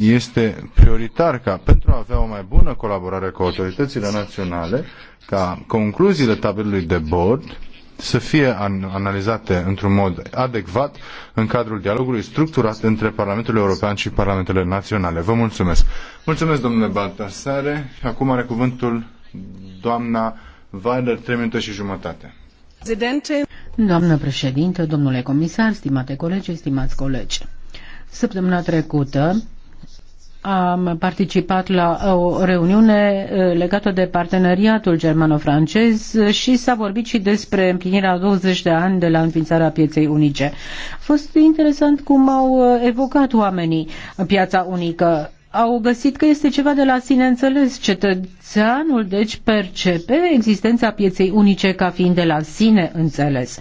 Speaker 3: este prioritar ca pentru a avea o mai bună colaborare cu autoritățile naționale, ca concluziile tabelului de bord să fie analizate într-un mod adecvat în cadrul dialogului structurat între Parlamentul European și Parlamentele Naționale. Vă mulțumesc. Mulțumesc, domnule Baltasare. Acum are cuvântul doamna Weiler, 3 minute și jumătate.
Speaker 1: Prezidente. Doamnă președintă, domnule comisar, stimate colegi, stimați colegi. Săptămâna trecută am participat la o reuniune eh, legată de parteneriatul germano-francez și s-a vorbit și despre împlinirea 20 de ani de la înființarea pieței unice. A fost interesant cum au eh, evocat oamenii piața unică au găsit că este ceva de la sine înțeles. Cetățeanul, deci, percepe existența pieței unice ca fiind de la sine înțeles.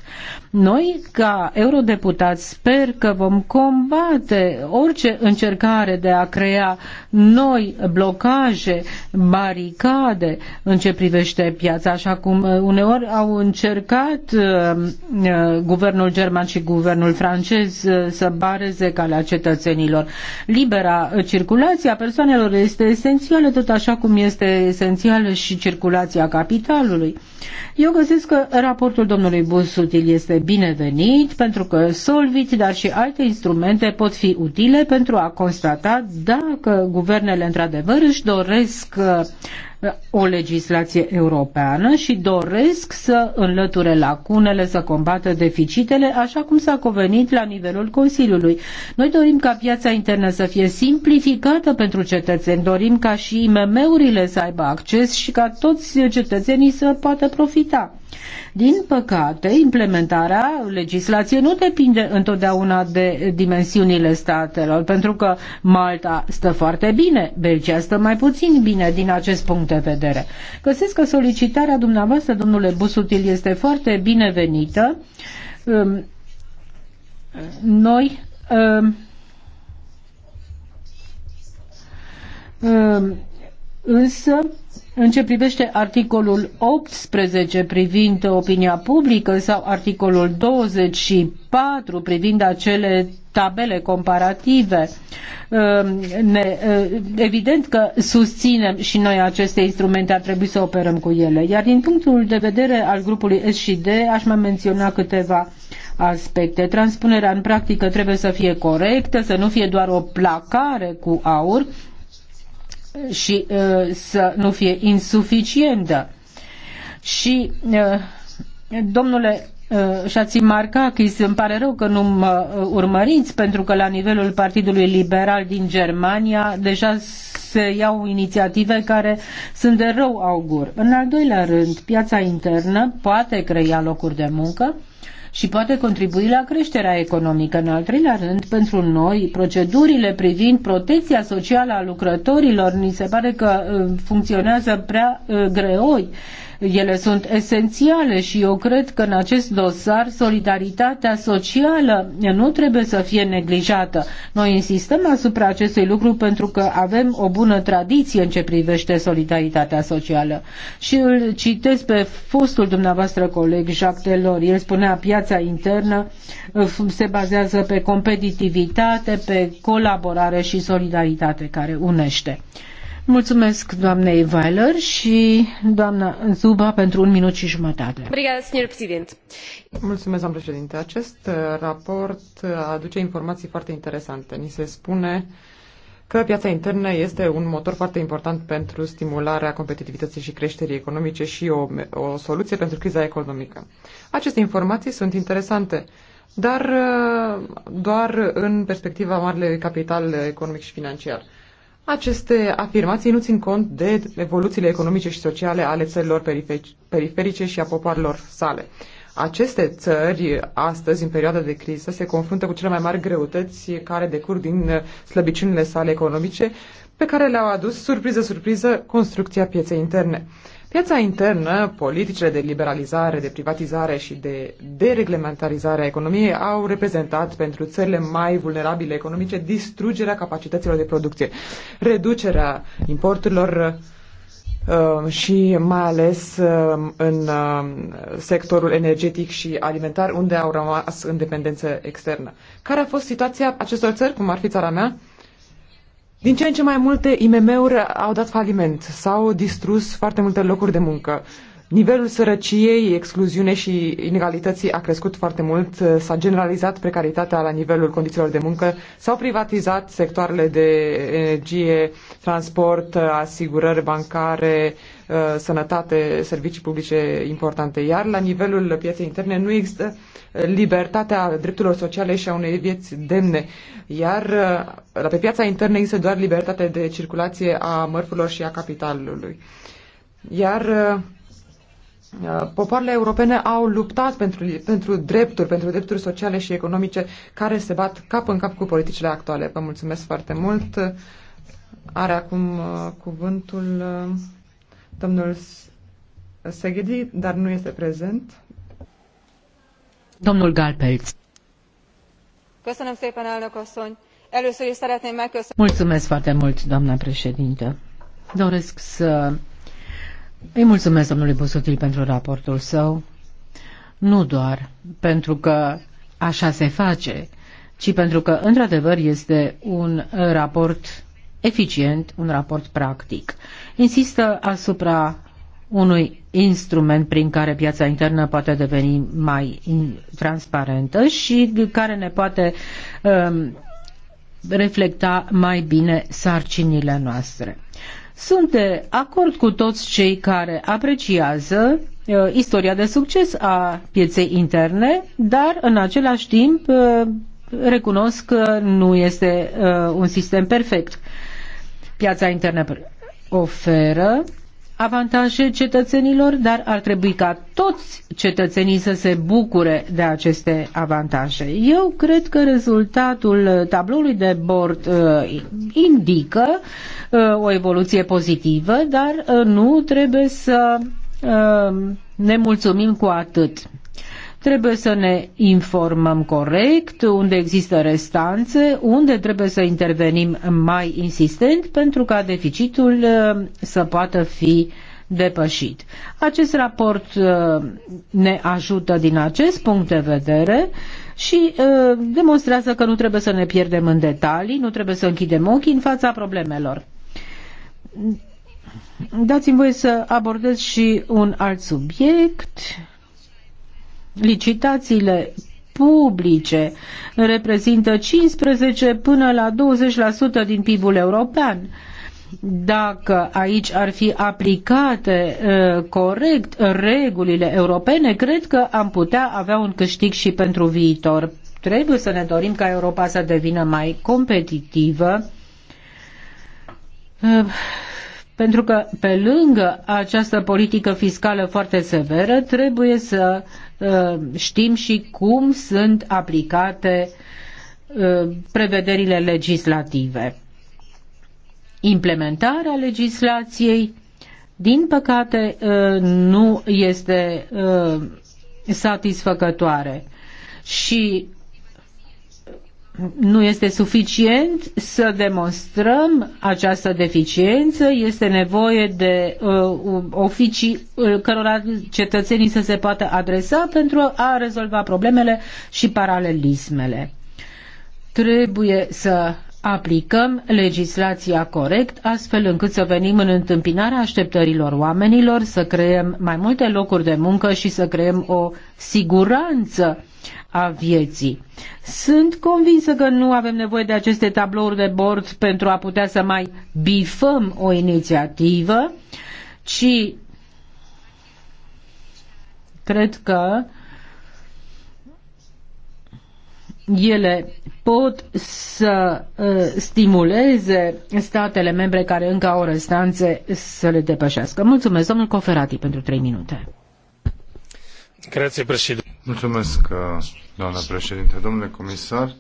Speaker 1: Noi, ca eurodeputați, sper că vom combate orice încercare de a crea noi blocaje, baricade în ce privește piața, așa cum uh, uneori au încercat uh, uh, guvernul german și guvernul francez uh, să bareze calea cetățenilor. Libera uh, circulație circulația persoanelor este esențială, tot așa cum este esențială și circulația capitalului. Eu găsesc că raportul domnului Busutil este binevenit pentru că Solvit, dar și alte instrumente pot fi utile pentru a constata dacă guvernele într-adevăr își doresc uh, o legislație europeană și doresc să înlăture lacunele, să combată deficitele, așa cum s-a convenit la nivelul Consiliului. Noi dorim ca piața internă să fie simplificată pentru cetățeni, dorim ca și IMM-urile să aibă acces și ca toți cetățenii să poată profita. Din păcate, implementarea legislației nu depinde întotdeauna de dimensiunile statelor, pentru că Malta stă foarte bine, Belgia stă mai puțin bine din acest punct de vedere. Găsesc că solicitarea dumneavoastră, domnule Busutil, este foarte binevenită. Um, noi um, um, Însă, în ce privește articolul 18 privind opinia publică sau articolul 24 privind acele tabele comparative, um, ne, uh, evident că susținem și noi aceste instrumente, ar trebui să operăm cu ele. Iar din punctul de vedere al grupului S și D, aș mai menționa câteva aspecte. Transpunerea în practică trebuie să fie corectă, să nu fie doar o placare cu aur, și uh, să nu fie insuficientă. Și, uh, domnule uh, și ați Marcachis, îmi pare rău că nu mă urmăriți, pentru că la nivelul Partidului Liberal din Germania deja se iau inițiative care sunt de rău augur. În al doilea rând, piața internă poate crea locuri de muncă, și poate contribui la creșterea economică. În al treilea rând, pentru noi, procedurile privind protecția socială a lucrătorilor, ni se pare că uh, funcționează prea uh, greoi ele sunt esențiale și eu cred că în acest dosar solidaritatea socială nu trebuie să fie neglijată. Noi insistăm asupra acestui lucru pentru că avem o bună tradiție în ce privește solidaritatea socială. Și îl citesc pe fostul dumneavoastră coleg Jacques Delors. El spunea piața internă uh, se bazează pe competitivitate, pe colaborare și solidaritate care unește. Mulțumesc doamnei Weiler și doamna Zuba pentru un minut și jumătate.
Speaker 4: Mulțumesc,
Speaker 2: doamnă președinte. Acest uh, raport uh, aduce informații foarte interesante. Ni se spune că piața internă este un motor foarte important pentru stimularea competitivității și creșterii economice și o, o soluție pentru criza economică. Aceste informații sunt interesante, dar uh, doar în perspectiva marilor capital economic și financiar. Aceste afirmații nu țin cont de evoluțiile economice și sociale ale țărilor periferice și a popoarelor sale. Aceste țări, astăzi, în perioada de criză, se confruntă cu cele mai mari greutăți care decur din slăbiciunile sale economice, pe care le-au adus, surpriză, surpriză, construcția pieței interne. Piața internă, politicile de liberalizare, de privatizare și de dereglementarizare a economiei au reprezentat pentru țările mai vulnerabile economice distrugerea capacităților de producție, reducerea importurilor uh, și mai ales uh, în uh, sectorul energetic și alimentar, unde au rămas în dependență externă. Care a fost situația acestor țări, cum ar fi țara mea? Din ce în ce mai multe IMM-uri au dat faliment, s-au distrus foarte multe locuri de muncă. Nivelul sărăciei, excluziune și inegalității a crescut foarte mult, s-a generalizat precaritatea la nivelul condițiilor de muncă, s-au privatizat sectoarele de energie, transport, asigurări bancare, uh, sănătate, servicii publice importante. Iar la nivelul pieței interne nu există libertatea drepturilor sociale și a unei vieți demne. Iar uh, la pe piața internă există doar libertatea de circulație a mărfurilor și a capitalului. Iar uh, Uh, popoarele europene au luptat pentru, pentru drepturi, pentru drepturi sociale și economice care se bat cap în cap cu politicile actuale. Vă mulțumesc foarte mult. Are acum uh, cuvântul uh, domnul Seghedi, dar nu este prezent. Domnul Galpelț.
Speaker 1: Mulțumesc foarte mult, doamna președintă. Doresc să îi mulțumesc domnului Busuchil pentru raportul său, nu doar pentru că așa se face, ci pentru că, într-adevăr, este un raport eficient, un raport practic. Insistă asupra unui instrument prin care piața internă poate deveni mai transparentă și care ne poate um, reflecta mai bine sarcinile noastre. Sunt de acord cu toți cei care apreciază uh, istoria de succes a pieței interne, dar în același timp uh, recunosc că nu este uh, un sistem perfect. Piața internă oferă avantaje cetățenilor, dar ar trebui ca toți cetățenii să se bucure de aceste avantaje. Eu cred că rezultatul tabloului de bord uh, indică uh, o evoluție pozitivă, dar uh, nu trebuie să uh, ne mulțumim cu atât. Trebuie să ne informăm corect unde există restanțe, unde trebuie să intervenim mai insistent pentru ca deficitul uh, să poată fi depășit. Acest raport uh, ne ajută din acest punct de vedere și uh, demonstrează că nu trebuie să ne pierdem în detalii, nu trebuie să închidem ochii în fața problemelor. Dați-mi voie să abordez și un alt subiect licitațiile publice reprezintă 15 până la 20% din PIB-ul european. Dacă aici ar fi aplicate uh, corect regulile europene, cred că am putea avea un câștig și pentru viitor. Trebuie să ne dorim ca Europa să devină mai competitivă. Uh, pentru că pe lângă această politică fiscală foarte severă trebuie să uh, Eh, știm și cum sunt aplicate eh, prevederile legislative. Implementarea legislației, din păcate, eh, nu este satisfăcătoare și nu este suficient să demonstrăm această deficiență, este nevoie de uh, oficii uh, cărora cetățenii să se poată adresa pentru a rezolva problemele și paralelismele. Trebuie să aplicăm legislația corect, astfel încât să venim în întâmpinarea așteptărilor oamenilor, să creăm mai multe locuri de muncă și să creăm o siguranță a vieții. Sunt convinsă că nu avem nevoie de aceste tablouri de bord pentru a putea să mai bifăm o inițiativă, ci cred că ele pot să uh, stimuleze statele membre care încă au restanțe să le depășească. Mulțumesc, domnul Coferati, pentru trei minute.
Speaker 3: Grazie, președinte. Mulțumesc, uh, doamna președinte. Domnule comisar,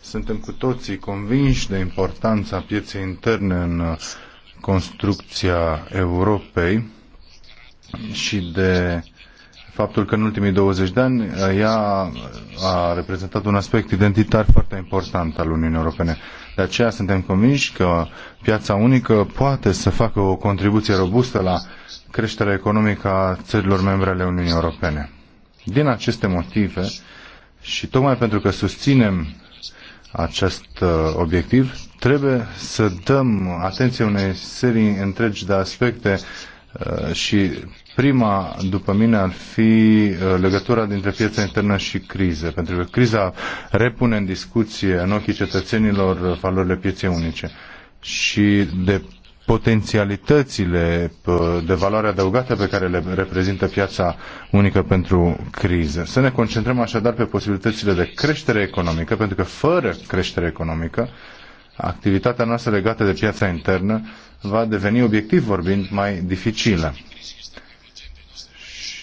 Speaker 3: suntem cu toții convinși de importanța pieței interne în uh, construcția Europei și de faptul că în ultimii 20 de ani uh, ea a reprezentat un aspect identitar foarte important al Uniunii Europene. De aceea suntem convinși că piața unică poate să facă o contribuție robustă la creșterea economică a țărilor membre ale Uniunii Europene. Din aceste motive și tocmai pentru că susținem acest uh, obiectiv, trebuie să dăm atenție unei serii întregi de aspecte uh, și Prima, după mine, ar fi uh, legătura dintre piața internă și criză, pentru că criza repune în discuție, în ochii cetățenilor, uh, valorile pieței unice și de potențialitățile uh, de valoare adăugată pe care le reprezintă piața unică pentru criză. Să ne concentrăm așadar pe posibilitățile de creștere economică, pentru că fără creștere economică, activitatea noastră legată de piața internă va deveni, obiectiv vorbind, mai dificilă.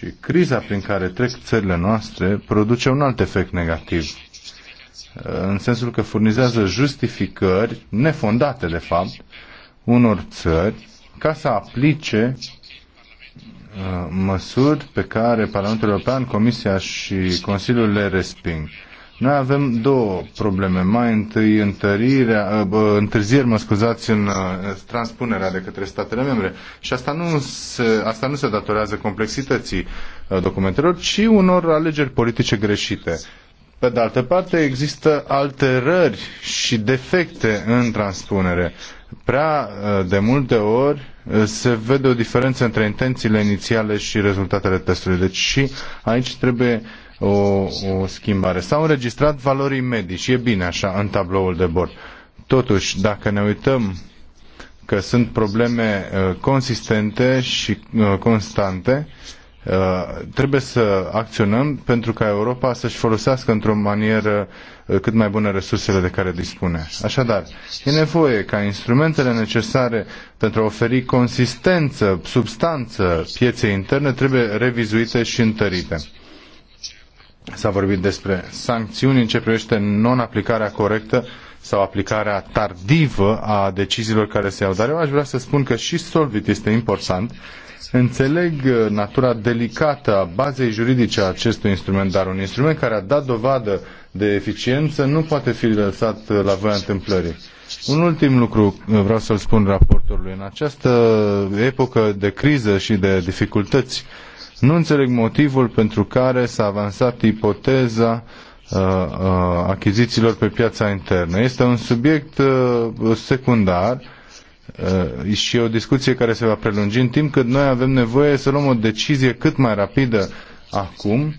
Speaker 3: Și criza prin care trec țările noastre produce un alt efect negativ, în sensul că furnizează justificări nefondate, de fapt, unor țări ca să aplice uh, măsuri pe care Parlamentul European, Comisia și Consiliul le resping. Noi avem două probleme. Mai întâi întărirea, ă, întârzieri, mă scuzați, în ă, transpunerea de către statele membre. Și asta nu se, asta nu se datorează complexității ă, documentelor, ci unor alegeri politice greșite. Pe de altă parte, există alterări și defecte în transpunere. Prea de multe ori se vede o diferență între intențiile inițiale și rezultatele testului. Deci și aici trebuie uh, o, o schimbare. S-au înregistrat valorii medii și e bine așa în tabloul de bord. Totuși, dacă ne uităm că sunt probleme uh, consistente și uh, constante, uh, trebuie să acționăm pentru ca Europa să-și folosească într-o manieră uh, cât mai bună resursele de care dispune. Așadar, e nevoie ca instrumentele necesare pentru a oferi consistență, substanță pieței interne trebuie revizuite și întărite. S-a vorbit despre sancțiuni în ce privește non-aplicarea corectă sau aplicarea tardivă a deciziilor care se iau. Dar eu aș vrea să spun că și Solvit este important. Înțeleg uh, natura delicată a bazei juridice a acestui instrument, dar un instrument care a dat dovadă de eficiență nu poate fi lăsat uh, la voia întâmplării. Un ultim lucru uh, vreau să-l spun raportorului. În această epocă de criză și de dificultăți nu înțeleg motivul pentru care s-a avansat ipoteza uh, uh, achizițiilor pe piața internă. Este un subiect uh, secundar și o discuție care se va prelungi în timp cât noi avem nevoie să luăm o decizie cât mai rapidă acum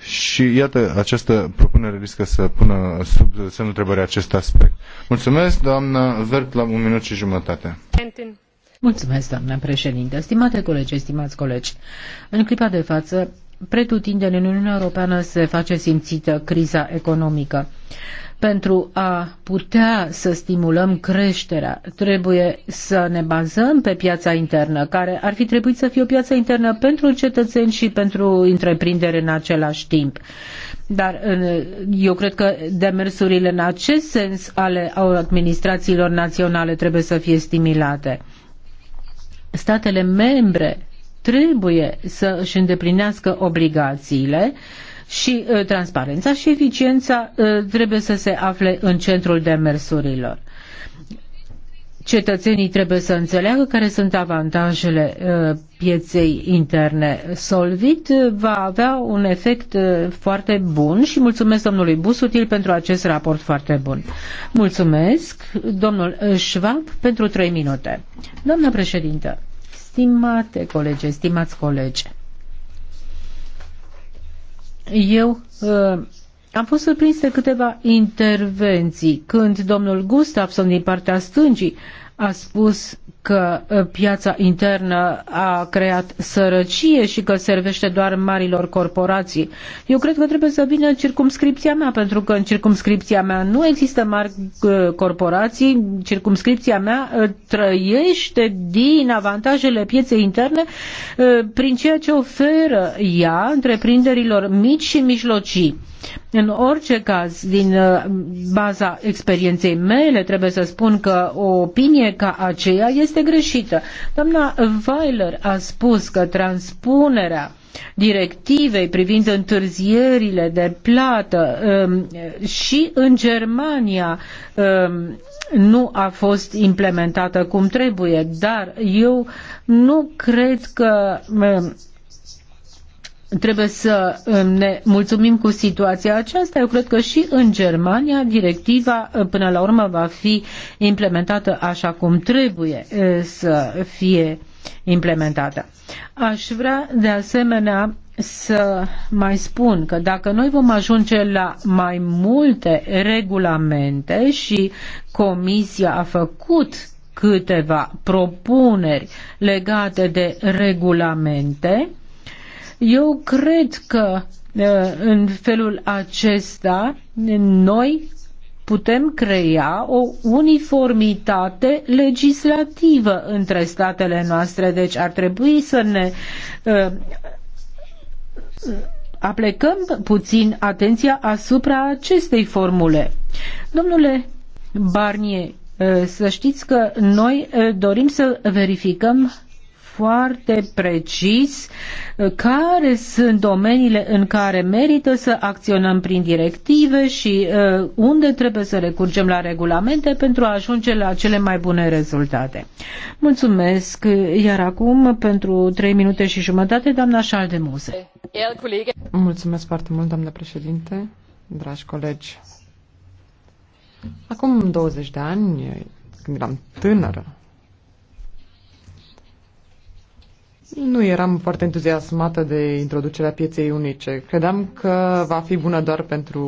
Speaker 3: și iată, această propunere riscă să pună sub semnul întrebării acest aspect. Mulțumesc, doamna Vert, la un minut și jumătate. Entin.
Speaker 1: Mulțumesc, doamna președinte. Stimate colegi, stimați colegi, în clipa de față, pretutindeni în Uniunea Europeană se face simțită criza economică. Pentru a putea să stimulăm creșterea, trebuie să ne bazăm pe piața internă, care ar fi trebuit să fie o piață internă pentru cetățeni și pentru întreprindere în același timp. Dar eu cred că demersurile în acest sens ale administrațiilor naționale trebuie să fie stimulate statele membre trebuie să își îndeplinească obligațiile și uh, transparența și eficiența uh, trebuie să se afle în centrul demersurilor. Cetățenii trebuie să înțeleagă care sunt avantajele uh, pieței interne. Solvit va avea un efect uh, foarte bun și mulțumesc domnului Busutil pentru acest raport foarte bun. Mulțumesc, domnul uh, Schwab, pentru trei minute. Doamna președintă, stimate colegi, stimați colegi, eu am fost surprins de câteva intervenții când domnul Gustafson din partea stângii a spus că ă, piața internă a creat sărăcie și că servește doar marilor corporații. Eu cred că trebuie să vină circumscripția mea, pentru că în circumscripția mea nu există mari ă, corporații, circumscripția mea ă, trăiește din avantajele pieței interne prin ceea ce oferă ea întreprinderilor mici și mijlocii. În orice caz, din baza experienței mele, trebuie să spun că o opinie ca aceea este este greșită. Doamna Weiler a spus că transpunerea directivei privind întârzierile de plată um, și în Germania um, nu a fost implementată cum trebuie, dar eu nu cred că um, trebuie să uh, ne mulțumim cu situația aceasta. Eu cred că și în Germania directiva uh, până la urmă va fi implementată așa cum trebuie uh, să fie implementată. Aș vrea de asemenea să mai spun că dacă noi vom ajunge la mai multe regulamente și Comisia a făcut câteva propuneri legate de regulamente, eu cred că uh, în felul acesta noi putem crea o uniformitate legislativă între statele noastre. Deci ar trebui să ne uh, aplecăm puțin atenția asupra acestei formule. Domnule Barnier, uh, să știți că noi dorim să verificăm foarte precis uh, care sunt domeniile în care merită să acționăm prin directive și uh, unde trebuie să recurgem la regulamente pentru a ajunge la cele mai bune rezultate. Mulțumesc, iar acum pentru 3 minute
Speaker 2: și jumătate, doamna Șaldemuse. Mulțumesc foarte mult, doamna președinte, dragi colegi. Acum 20 de ani, când eram tânără, Nu eram foarte entuziasmată de introducerea pieței unice. Credeam că va fi bună doar pentru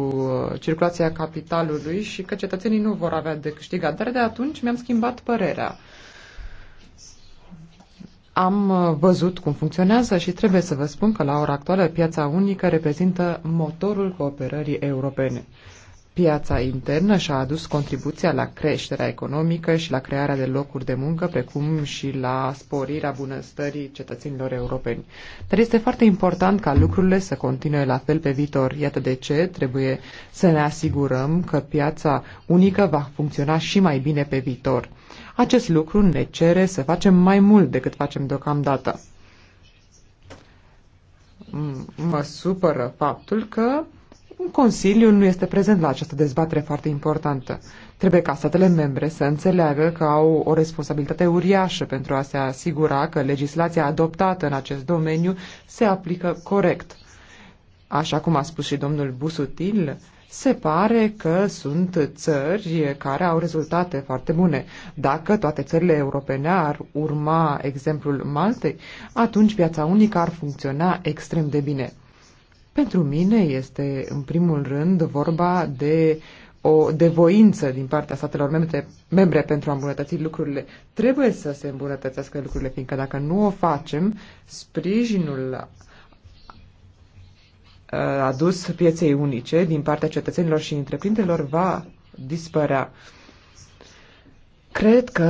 Speaker 2: uh, circulația capitalului și că cetățenii nu vor avea de câștigat. Dar de atunci mi-am schimbat părerea. Am uh, văzut cum funcționează și trebuie să vă spun că la ora actuală piața unică reprezintă motorul cooperării europene. Piața internă și-a adus contribuția la creșterea economică și la crearea de locuri de muncă, precum și la sporirea bunăstării cetățenilor europeni. Dar este foarte important ca lucrurile să continue la fel pe viitor. Iată de ce trebuie să ne asigurăm că piața unică va funcționa și mai bine pe viitor. Acest lucru ne cere să facem mai mult decât facem deocamdată. Mă supără faptul că Consiliul nu este prezent la această dezbatere foarte importantă. Trebuie ca statele membre să înțeleagă că au o responsabilitate uriașă pentru a se asigura că legislația adoptată în acest domeniu se aplică corect. Așa cum a spus și domnul Busutil, se pare că sunt țări care au rezultate foarte bune. Dacă toate țările europene ar urma exemplul Maltei, atunci piața unică ar funcționa extrem de bine. Pentru mine este, în primul rând, vorba de o devoință din partea statelor membre, membre pentru a îmbunătăți lucrurile. Trebuie să se îmbunătățească lucrurile, fiindcă dacă nu o facem, sprijinul uh, adus pieței unice din partea cetățenilor și întreprinderilor va dispărea. Cred că,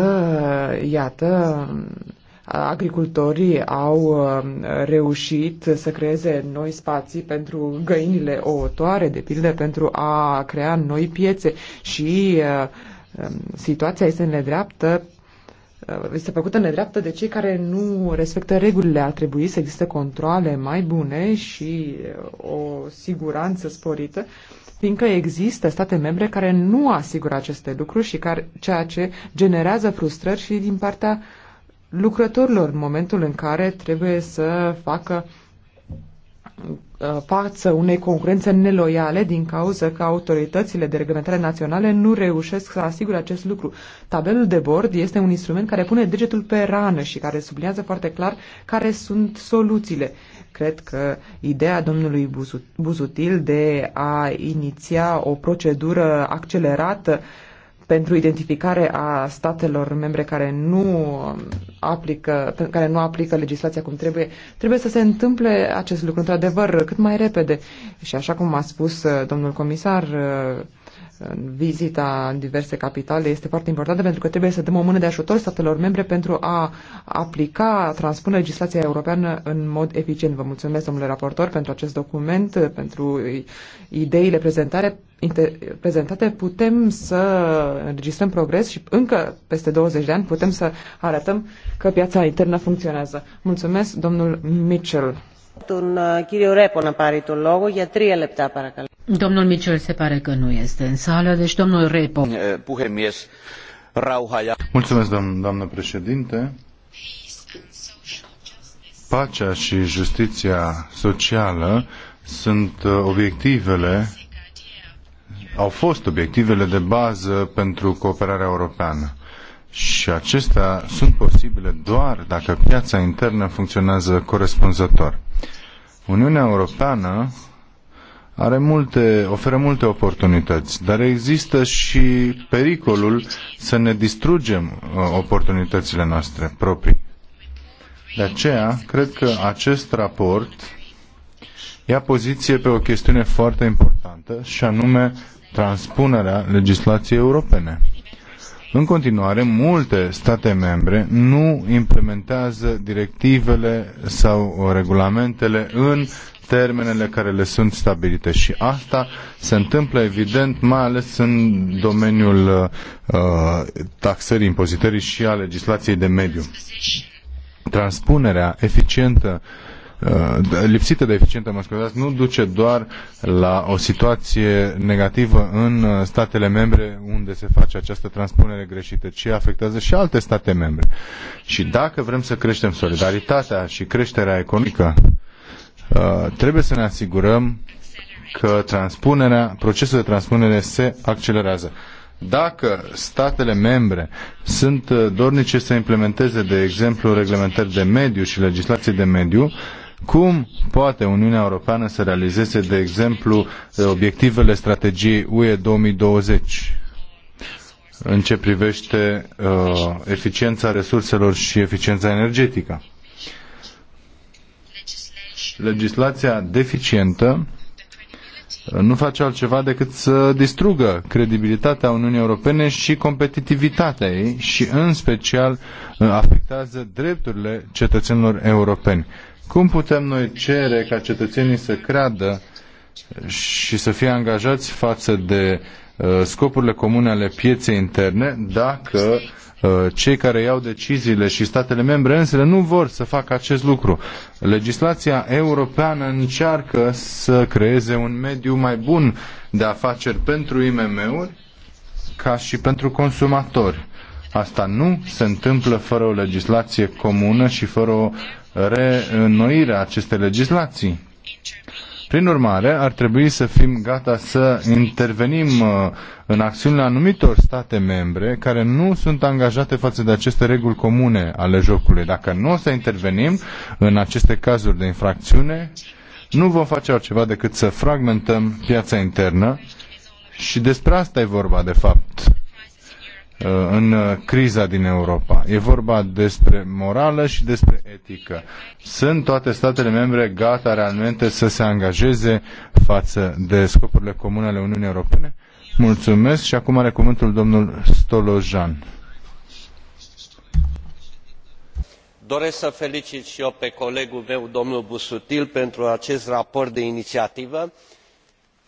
Speaker 2: iată, agricultorii au um, reușit să creeze noi spații pentru găinile ouătoare, de pildă pentru a crea noi piețe și uh, um, situația este nedreaptă uh, este făcută nedreaptă de cei care nu respectă regulile. Ar trebui să existe controle mai bune și uh, o siguranță sporită, fiindcă există state membre care nu asigură aceste lucruri și care, ceea ce generează frustrări și din partea uh, lucrătorilor în momentul în care trebuie să facă uh, față unei concurențe neloiale din cauza că autoritățile de reglementare naționale nu reușesc să asigure acest lucru. Tabelul de bord este un instrument care pune degetul pe rană și care sublinează foarte clar care sunt soluțiile. Cred că ideea domnului Buzutil de a iniția o procedură accelerată uh, pentru identificare a statelor membre care nu aplică, care nu aplică legislația cum trebuie, trebuie să se întâmple acest lucru într-adevăr cât mai repede. Și așa cum a spus uh, domnul comisar, uh, vizita în diverse capitale este foarte importantă pentru că trebuie să dăm o mână de ajutor statelor membre pentru a aplica, a transpune legislația europeană în mod eficient. Vă mulțumesc, domnule raportor, pentru acest document, pentru ideile prezentare, prezentate. Putem să înregistrăm progres și încă peste 20 de ani putem să arătăm că piața internă funcționează. Mulțumesc, domnul Mitchell.
Speaker 1: Un κύριο Ρέπο να πάρει το λόγο για τρία λεπτά παρακαλώ. Domnul Mitchell se pare că nu este în sală, deci domnul Repo. Eh, puhemies, rauhaia.
Speaker 3: Mulțumesc, doamnă, doamnă președinte. Pacea și justiția socială sunt eh, obiectivele, au fost obiectivele de bază pentru cooperarea europeană. Și acestea sunt posibile doar dacă piața internă funcționează corespunzător. Uniunea Europeană are multe, oferă multe oportunități, dar există și pericolul să ne distrugem uh, oportunitățile noastre proprii. De aceea, cred că acest raport ia poziție pe o chestiune foarte importantă și anume transpunerea legislației europene. În continuare, multe state membre nu implementează directivele sau regulamentele în termenele care le sunt stabilite și asta se întâmplă evident mai ales în domeniul uh, taxării, impozitării și a legislației de mediu. Transpunerea eficientă uh, lipsită de eficientă, mă scuzați, nu duce doar la o situație negativă în uh, statele membre unde se face această transpunere greșită, ci afectează și alte state membre. Și dacă vrem să creștem solidaritatea și creșterea economică, Uh, trebuie să ne asigurăm că transpunerea, procesul de transpunere se accelerează. Dacă statele membre sunt uh, dornice să implementeze, de exemplu, reglementări de mediu și legislație de mediu, cum poate Uniunea Europeană să realizeze, de exemplu, uh, obiectivele strategiei UE 2020 în ce privește uh, eficiența resurselor și eficiența energetică? legislația deficientă nu face altceva decât să distrugă credibilitatea Uniunii Europene și competitivitatea ei și în special afectează drepturile cetățenilor europeni. Cum putem noi cere ca cetățenii să creadă și să fie angajați față de uh, scopurile comune ale pieței interne dacă Uh, cei care iau deciziile și statele membre însele nu vor să facă acest lucru. Legislația europeană încearcă să creeze un mediu mai bun de afaceri pentru IMM-uri ca și pentru consumatori. Asta nu se întâmplă fără o legislație comună și fără o reînnoire a acestei legislații. Prin urmare, ar trebui să fim gata să intervenim uh, în acțiunile anumitor state membre care nu sunt angajate față de aceste reguli comune ale jocului. Dacă nu o să intervenim în aceste cazuri de infracțiune, nu vom face altceva decât să fragmentăm piața internă și despre asta e vorba, de fapt, Uh, în uh, criza din Europa. E vorba despre morală și despre etică. Sunt toate statele membre gata realmente să se angajeze față de scopurile comune ale Uniunii Europene? Mulțumesc și acum are cuvântul domnul Stolojan.
Speaker 5: Doresc să felicit și eu pe colegul meu, domnul Busutil, pentru acest raport de inițiativă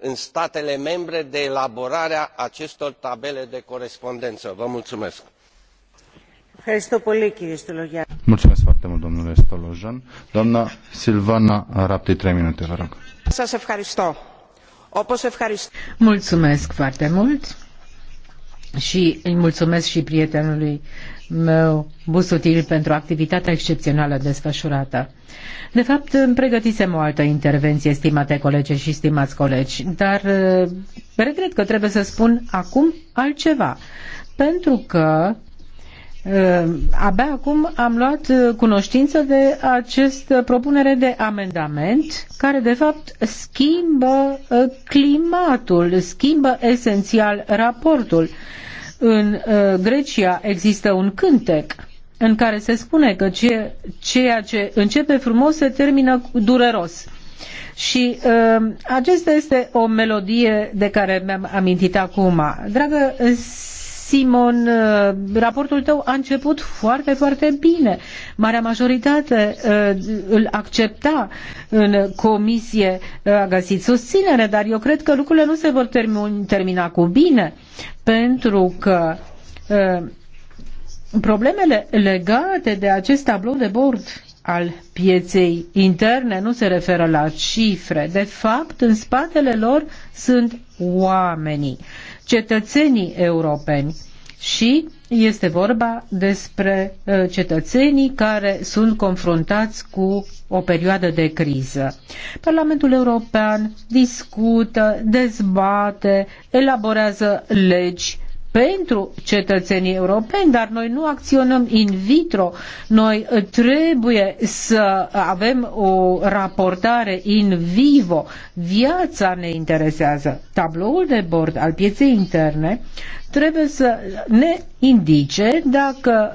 Speaker 5: în statele membre de elaborarea acestor tabele de corespondenă. Vă mulțumesc!
Speaker 3: Mulțumesc foarte mult, domnule Silvana Rapti, minute, vă rog.
Speaker 1: Mulțumesc foarte mult și îi mulțumesc și prietenului meu Busutil pentru activitatea excepțională desfășurată. De fapt, îmi pregătisem o altă intervenție, stimate colege și stimați colegi, dar eh, regret că trebuie să spun acum altceva, pentru că eh, abia acum am luat eh, cunoștință de această propunere de amendament care de fapt schimbă climatul, schimbă esențial raportul. În uh, Grecia există un cântec în care se spune că ceea ce începe frumos se termină dureros. Și uh, acesta este o melodie de care mi-am amintit acum. Dragă Simon, uh, raportul tău a început foarte, foarte bine. Marea majoritate uh, îl accepta în comisie, uh, a găsit susținere, dar eu cred că lucrurile nu se vor termina cu bine, pentru că problemele legate de acest tablou de bord al pieței interne nu se referă la cifre. De fapt, în spatele lor sunt oamenii cetățenii europeni și este vorba despre uh, cetățenii care sunt confruntați cu o perioadă de criză. Parlamentul European discută, dezbate, elaborează legi pentru cetățenii europeni, dar noi nu acționăm in vitro. Noi trebuie să avem o raportare in vivo. Viața ne interesează. Tabloul de bord al pieței interne trebuie să ne indice dacă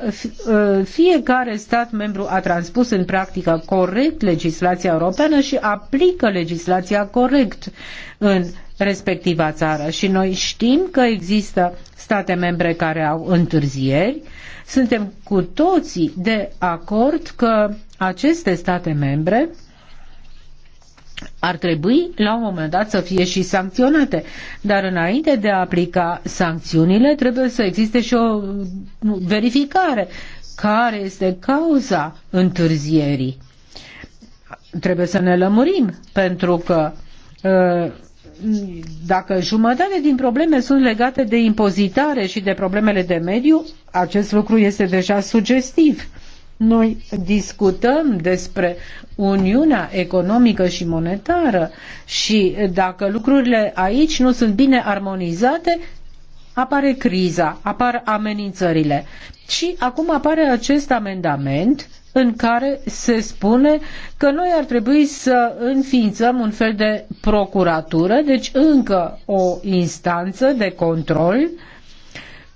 Speaker 1: ă, fiecare stat membru a transpus în practică corect legislația europeană și aplică legislația corect în respectiva țară și noi știm că există state membre care au întârzieri. Suntem cu toții de acord că aceste state membre ar trebui la un moment dat să fie și sancționate. Dar înainte de a aplica sancțiunile trebuie să existe și o verificare care este cauza întârzierii. Trebuie să ne lămurim pentru că uh, dacă jumătate din probleme sunt legate de impozitare și de problemele de mediu, acest lucru este deja sugestiv. Noi discutăm despre Uniunea Economică și Monetară și dacă lucrurile aici nu sunt bine armonizate, apare criza, apar amenințările. Și acum apare acest amendament în care se spune că noi ar trebui să înființăm un fel de procuratură, deci încă o instanță de control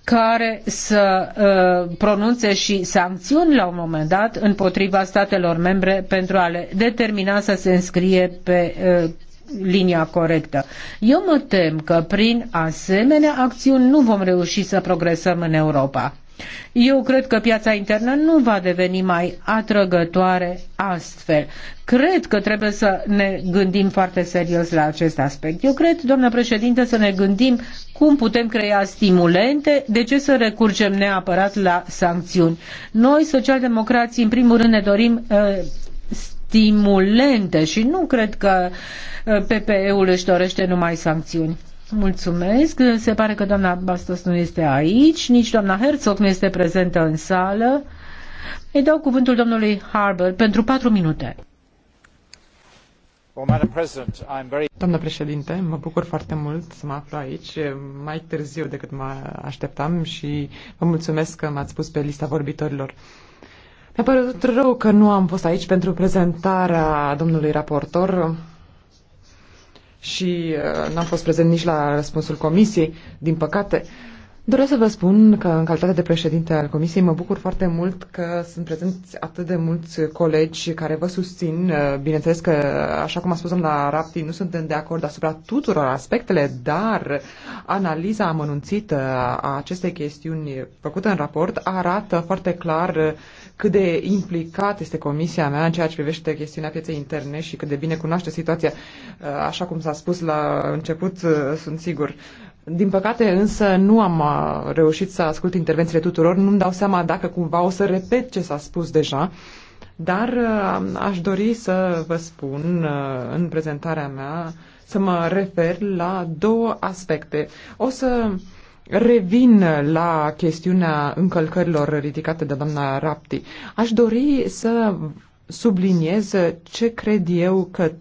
Speaker 1: care să uh, pronunțe și sancțiuni la un moment dat împotriva statelor membre pentru a le determina să se înscrie pe uh, linia corectă. Eu mă tem că prin asemenea acțiuni nu vom reuși să progresăm în Europa. Eu cred că piața internă nu va deveni mai atrăgătoare astfel. Cred că trebuie să ne gândim foarte serios la acest aspect. Eu cred, doamnă președinte, să ne gândim cum putem crea stimulente, de ce să recurgem neapărat la sancțiuni. Noi, socialdemocrații, în primul rând ne dorim uh, stimulente și nu cred că uh, PPE-ul își dorește numai sancțiuni. Mulțumesc. Se pare că doamna Bastos nu este aici, nici doamna Herzog nu este prezentă în sală. Îi dau cuvântul domnului Harbour pentru patru minute.
Speaker 2: Doamna președinte, mă bucur foarte mult să mă aflu aici, mai târziu decât mă așteptam și vă mulțumesc că m-ați pus pe lista vorbitorilor. Mi-a părut rău că nu am fost aici pentru prezentarea domnului raportor și uh, n-am fost prezent nici la răspunsul comisiei, din păcate. Doresc să vă spun că, în calitate de președinte al comisiei, mă bucur foarte mult că sunt prezenți atât de mulți colegi care vă susțin. Uh, bineînțeles că, așa cum a spus la Rapti, nu suntem de acord asupra tuturor aspectele, dar analiza amănunțită a acestei chestiuni făcută în raport arată foarte clar uh, cât de implicat este comisia mea în ceea ce privește chestiunea pieței interne și cât de bine cunoaște situația, uh, așa cum s-a spus la început, uh, sunt sigur. Din păcate însă nu am uh, reușit să ascult intervențiile tuturor, nu-mi dau seama dacă cumva o să repet ce s-a spus deja, dar aș dori să vă spun în prezentarea mea să mă refer la două aspecte. O să Revin la chestiunea încălcărilor ridicate de doamna Rapti. Aș dori să subliniez ce cred eu că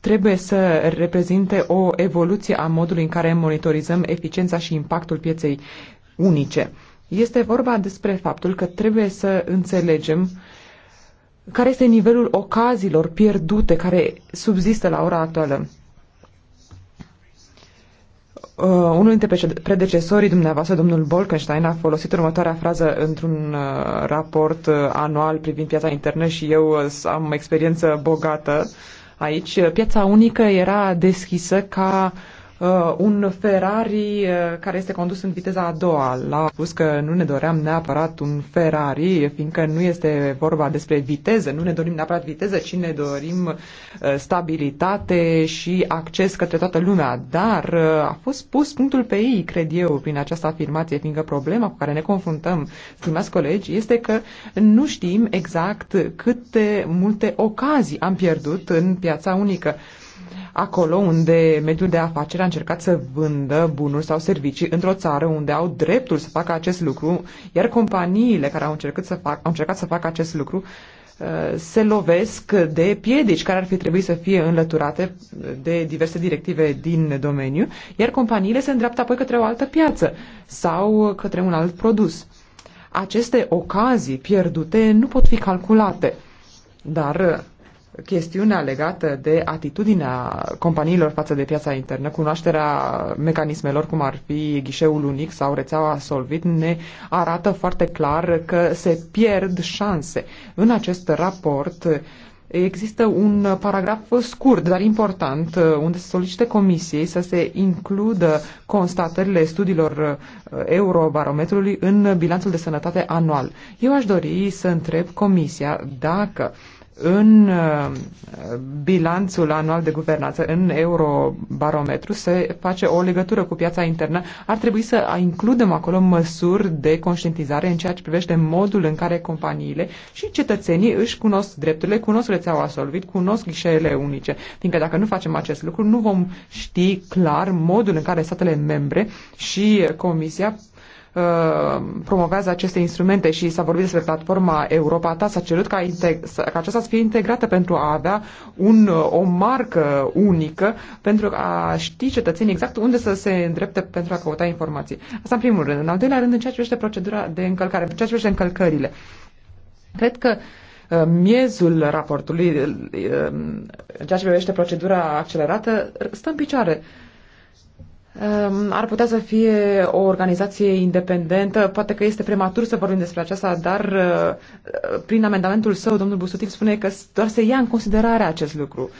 Speaker 2: trebuie să reprezinte o evoluție a modului în care monitorizăm eficiența și impactul pieței unice. Este vorba despre faptul că trebuie să înțelegem care este nivelul ocazilor pierdute care subzistă la ora actuală. Uh, unul dintre predecesorii dumneavoastră, domnul Bolkenstein, a folosit următoarea frază într-un uh, raport uh, anual privind piața internă și eu uh, am experiență bogată aici. Piața unică era deschisă ca uh, uh, un Ferrari uh, care este condus în viteza a doua. L-a spus că nu ne doream neapărat un Ferrari, fiindcă nu este vorba despre viteză, nu ne dorim neapărat viteză, ci ne dorim uh, stabilitate și acces către toată lumea. Dar uh, a fost pus punctul pe ei, cred eu, prin această afirmație, fiindcă problema cu care ne confruntăm, stimați colegi, este că nu știm exact câte multe ocazii am pierdut în piața unică acolo unde mediul de afaceri a încercat să vândă bunuri sau servicii într-o țară unde au dreptul să facă acest lucru, iar companiile care au încercat să, fac, au încercat să facă acest lucru uh, se lovesc de piedici care ar fi trebuit să fie înlăturate de diverse directive din domeniu, iar companiile se îndreaptă apoi către o altă piață sau către un alt produs. Aceste ocazii pierdute nu pot fi calculate, dar chestiunea legată de atitudinea companiilor față de piața internă, cunoașterea mecanismelor cum ar fi ghișeul unic sau rețeaua Solvit ne arată foarte clar că se pierd șanse. În acest raport există un paragraf scurt, dar important, unde se solicite comisiei să se includă constatările studiilor uh, Eurobarometrului în bilanțul de sănătate anual. Eu aș dori să întreb comisia dacă în uh, bilanțul anual de guvernanță, în eurobarometru, se face o legătură cu piața internă. Ar trebui să includem acolo măsuri de conștientizare în ceea ce privește modul în care companiile și cetățenii își cunosc drepturile, cunosc rețeaua Solvit, cunosc ghișeele unice. Fiindcă dacă nu facem acest lucru, nu vom ști clar modul în care statele membre și Comisia Uh, promovează aceste instrumente și s-a vorbit despre platforma Europa Ta, s-a cerut ca, ca aceasta să fie integrată pentru a avea un, uh, o marcă unică, pentru a ști cetățenii exact unde să se îndrepte pentru a căuta informații. Asta în primul rând. În al doilea rând, în ceea ce privește procedura de încălcare, în ceea ce privește încălcările. Cred că uh, miezul raportului, în ceea ce privește procedura accelerată, stă în picioare. Ehm, ar putea să fie o organizație independentă, poate că este prematur să vorbim despre aceasta, dar eh, prin amendamentul său, domnul Busutil spune că doar se ia în considerare acest lucru.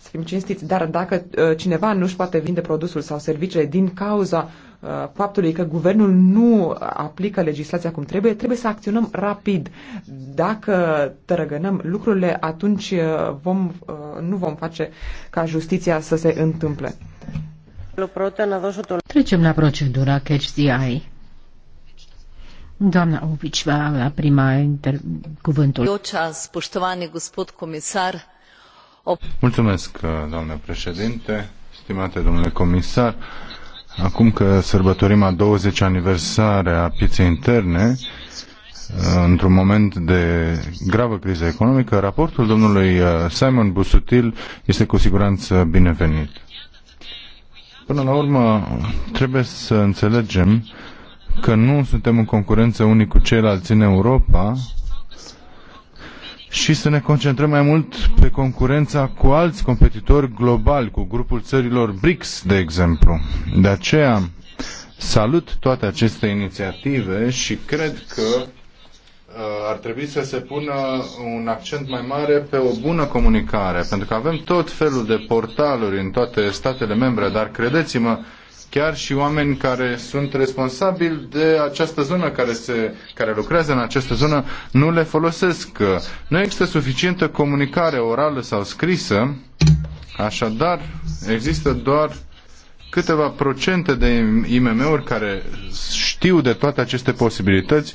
Speaker 2: Să fim cinstiți, dar dacă eh, cineva nu își poate vinde produsul sau serviciile din cauza eh, faptului că guvernul nu aplică legislația cum trebuie, trebuie să acționăm rapid. Dacă tărăgănăm lucrurile, atunci vom, nu vom face ca justiția să se întâmple.
Speaker 1: Trecem la procedura Catch the Eye. Doamna Ovici va avea prima inter... cuvântul.
Speaker 3: Mulțumesc, doamne președinte, stimate domnule comisar. Acum că sărbătorim a 20 aniversare a pieței interne, într-un moment de gravă criză economică, raportul domnului Simon Busutil este cu siguranță binevenit. Până la urmă, trebuie să înțelegem că nu suntem în concurență unii cu ceilalți în Europa și să ne concentrăm mai mult pe concurența cu alți competitori globali, cu grupul țărilor BRICS, de exemplu. De aceea, salut toate aceste inițiative și cred că Uh, ar trebui să se pună un accent mai mare pe o bună comunicare, pentru că avem tot felul de portaluri în toate statele membre, dar credeți-mă, chiar și oameni care sunt responsabili de această zonă, care, se, care lucrează în această zonă, nu le folosesc. Nu există suficientă comunicare orală sau scrisă, așadar există doar câteva procente de IMM-uri care știu de toate aceste posibilități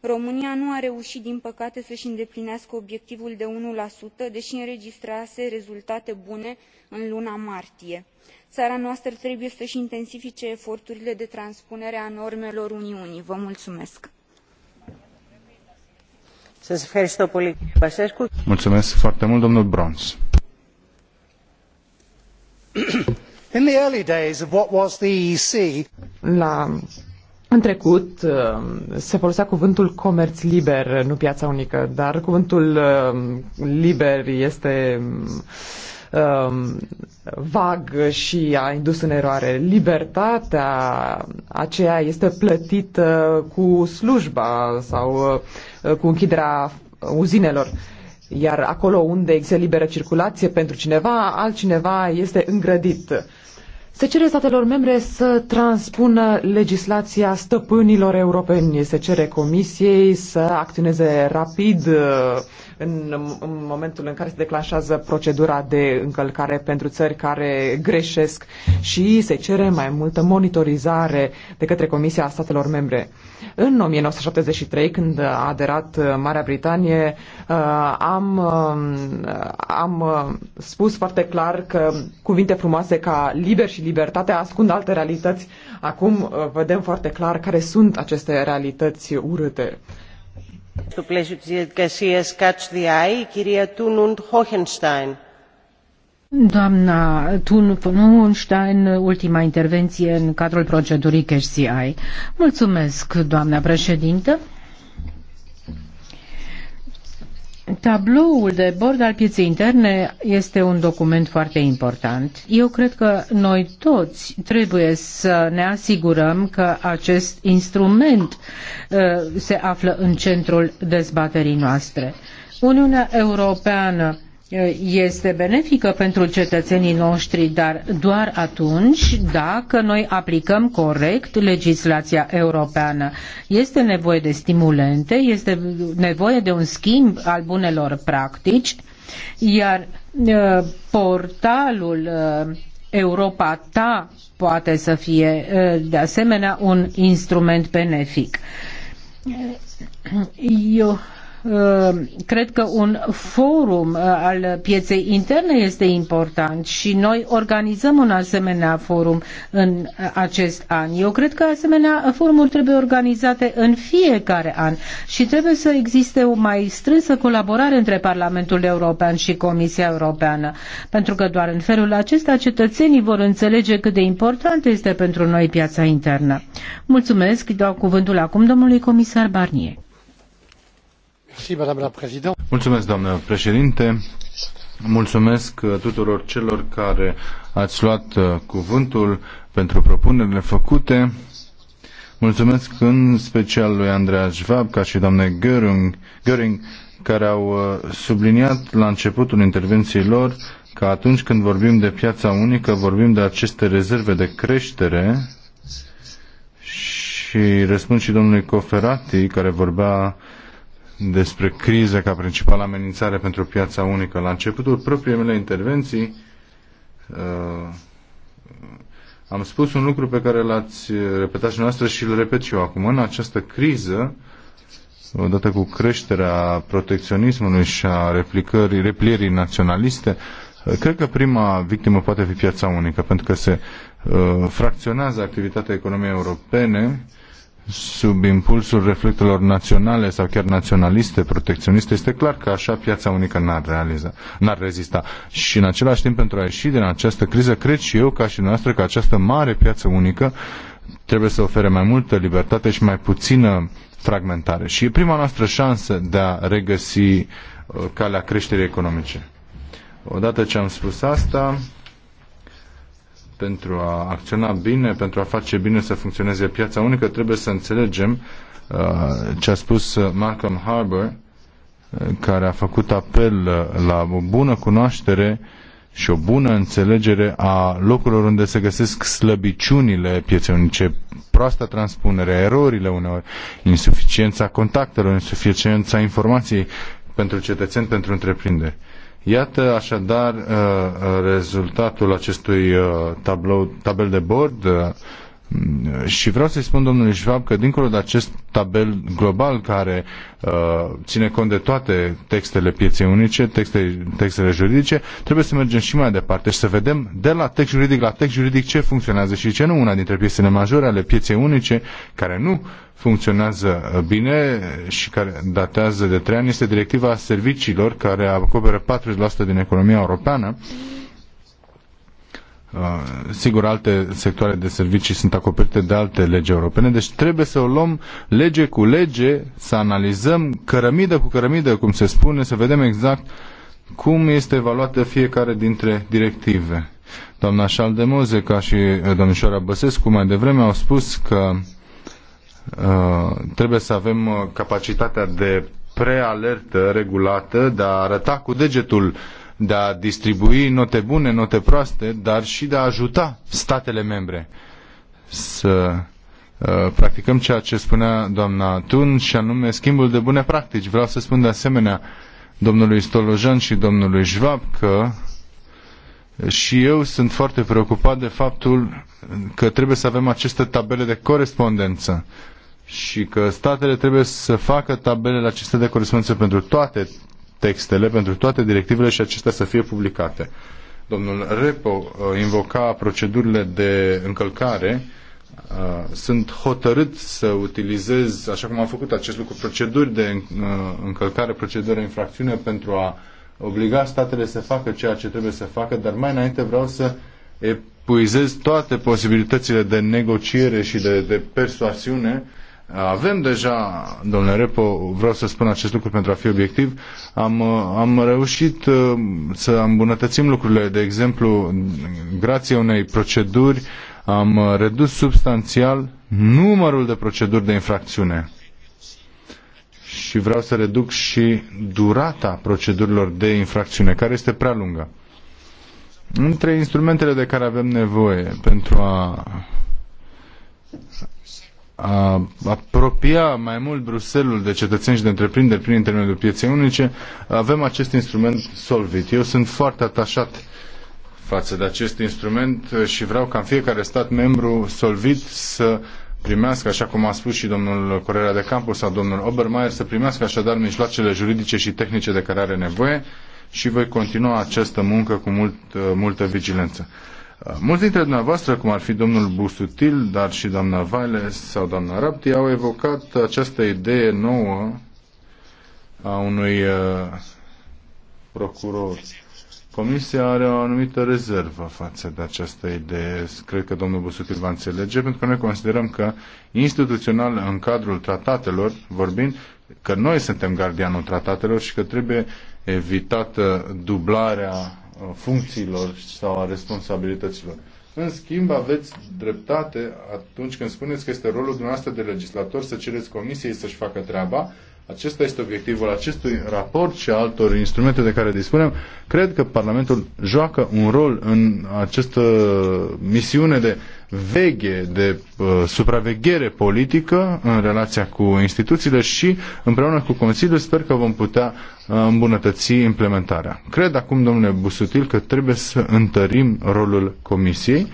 Speaker 4: românia nu a reuit din păcate să i îndeplinească obiectivul de unu dei înregistrase rezultate bune în luna martie. ara noastră trebuie să i intensifice eforturile de transpunere a normelor uniunii. Vă mulțumesc.
Speaker 3: Mulțumesc foarte mult, in the early days of what was the
Speaker 2: eec în trecut uh, se folosea cuvântul comerț liber, nu piața unică, dar cuvântul uh, liber este um, vag și a indus în eroare. Libertatea aceea este plătită cu slujba sau uh, cu închiderea uzinelor. Iar acolo unde există liberă circulație pentru cineva, altcineva este îngrădit. Se cere statelor membre să transpună legislația stăpânilor europeni, se cere comisiei să acționeze rapid în, în momentul în care se declanșează procedura de încălcare pentru țări care greșesc și se cere mai multă monitorizare de către Comisia Statelor Membre. În 1973, când a aderat uh, Marea Britanie, uh, am, uh, am spus foarte clar că cuvinte frumoase ca liber și libertate ascund alte realități. Acum vedem foarte clar care sunt aceste realități urâte
Speaker 1: doamnă thun της διαδικασίας ultima intervenție în cadrul procedurii CSCI. Mulțumesc, doamna președintă. Tabloul de bord al pieței interne este un document foarte important. Eu cred că noi toți trebuie să ne asigurăm că acest instrument uh, se află în centrul dezbaterii noastre. Uniunea Europeană este benefică pentru cetățenii noștri, dar doar atunci dacă noi aplicăm corect legislația europeană. Este nevoie de stimulente, este nevoie de un schimb al bunelor practici, iar uh, portalul uh, Europa ta poate să fie uh, de asemenea un instrument benefic. Eu Uh, cred că un forum uh, al pieței interne este important și noi organizăm un asemenea forum în acest an. Eu cred că asemenea forumuri trebuie organizate în fiecare an și trebuie să existe o mai strânsă colaborare între Parlamentul European și Comisia Europeană, pentru că doar în felul acesta cetățenii vor înțelege cât de important este pentru noi piața internă. Mulțumesc, dau cuvântul acum domnului comisar Barnier.
Speaker 3: Mulțumesc, doamnă președinte. Mulțumesc uh, tuturor celor care ați luat uh, cuvântul pentru propunerile făcute. Mulțumesc în special lui Andreea Schwab, ca și doamne Göring, Göring, care au uh, subliniat la începutul intervenției lor că atunci când vorbim de piața unică, vorbim de aceste rezerve de creștere și răspund și domnului Coferati, care vorbea despre criză ca principală amenințare pentru piața unică. La începutul propriei mele intervenții uh, am spus un lucru pe care l-ați repetat și noastră și îl repet și eu acum. În această criză, odată cu creșterea protecționismului și a replicării, replierii naționaliste, uh, Cred că prima victimă poate fi piața unică, pentru că se uh, fracționează activitatea economiei europene sub impulsul reflectelor naționale sau chiar naționaliste, protecționiste, este clar că așa piața unică n-ar, realiza, n-ar rezista. Și în același timp, pentru a ieși din această criză, cred și eu, ca și noastră, că această mare piață unică trebuie să ofere mai multă libertate și mai puțină fragmentare. Și e prima noastră șansă de a regăsi uh, calea creșterii economice. Odată ce am spus asta, pentru a acționa bine, pentru a face bine să funcționeze piața unică, trebuie să înțelegem uh, ce a spus Malcolm Harbour, uh, care a făcut apel uh, la o bună cunoaștere și o bună înțelegere a locurilor unde se găsesc slăbiciunile pieței unice, proasta transpunere, erorile uneori, insuficiența contactelor, insuficiența informației pentru cetățeni, pentru întreprinderi. Uh, Iată așadar uh, uh, rezultatul acestui uh, tablou, tabel de bord și vreau să-i spun domnului Schwab că dincolo de acest tabel global care uh, ține cont de toate textele pieței unice, texte, textele juridice, trebuie să mergem și mai departe și să vedem de la text juridic la text juridic ce funcționează și ce nu. Una dintre piesele majore ale pieței unice care nu funcționează uh, bine și care datează de trei ani este directiva serviciilor care acoperă 40% din economia europeană. Uh, Uh, sigur, alte sectoare de servicii sunt acoperite de alte legi europene, deci trebuie să o luăm lege cu lege, să analizăm cărămidă cu cărămidă, cum se spune, să vedem exact cum este evaluată fiecare dintre directive. Doamna Șaldemoze, ca și uh, domnișoara Băsescu mai devreme, au spus că uh, trebuie să avem uh, capacitatea de prealertă regulată, de a arăta cu degetul de a distribui note bune, note proaste, dar și de a ajuta statele membre să uh, practicăm ceea ce spunea doamna Tun și anume schimbul de bune practici. Vreau să spun de asemenea domnului Stolojan și domnului Jvab că și eu sunt foarte preocupat de faptul că trebuie să avem aceste tabele de corespondență și că statele trebuie să facă tabelele acestea de corespondență pentru toate textele pentru toate directivele și acestea să fie publicate. Domnul Repo uh, invoca procedurile de încălcare. Uh, sunt hotărât să utilizez, așa cum am făcut acest lucru, proceduri de uh, încălcare, proceduri de infracțiune pentru a obliga statele să facă ceea ce trebuie să facă, dar mai înainte vreau să epuizez toate posibilitățile de negociere și de, de persoasiune avem deja, domnule Repo, vreau să spun acest lucru pentru a fi obiectiv, am, am reușit uh, să îmbunătățim lucrurile. De exemplu, grație unei proceduri am redus substanțial numărul de proceduri de infracțiune și vreau să reduc și durata procedurilor de infracțiune, care este prea lungă. Între instrumentele de care avem nevoie pentru a a apropia mai mult Bruselul de cetățeni și de întreprinderi prin intermediul pieței unice, avem acest instrument Solvit. Eu sunt foarte atașat față de acest instrument și vreau ca în fiecare stat membru Solvit să primească, așa cum a spus și domnul Correa de Campus sau domnul Obermeier, să primească așadar mijloacele juridice și tehnice de care are nevoie și voi continua această muncă cu mult, multă vigilență. Uh, mulți dintre dumneavoastră, cum ar fi domnul Busutil, dar și doamna Vale sau doamna Rapti, au evocat această idee nouă a unui uh, procuror. Comisia are o anumită rezervă față de această idee. Cred că domnul Busutil va înțelege, pentru că noi considerăm că instituțional, în cadrul tratatelor, vorbind, că noi suntem gardianul tratatelor și că trebuie evitată dublarea Uh, funcțiilor sau a responsabilităților. În schimb, aveți dreptate atunci când spuneți că este rolul dumneavoastră de legislator să cereți comisiei să-și facă treaba. Acesta este obiectivul acestui raport și altor instrumente de care dispunem. Cred că Parlamentul joacă un rol în această misiune de veche de uh, supraveghere politică în relația cu instituțiile și împreună cu Consiliul sper că vom putea uh, îmbunătăți implementarea. Cred acum, domnule Busutil, că trebuie să întărim rolul Comisiei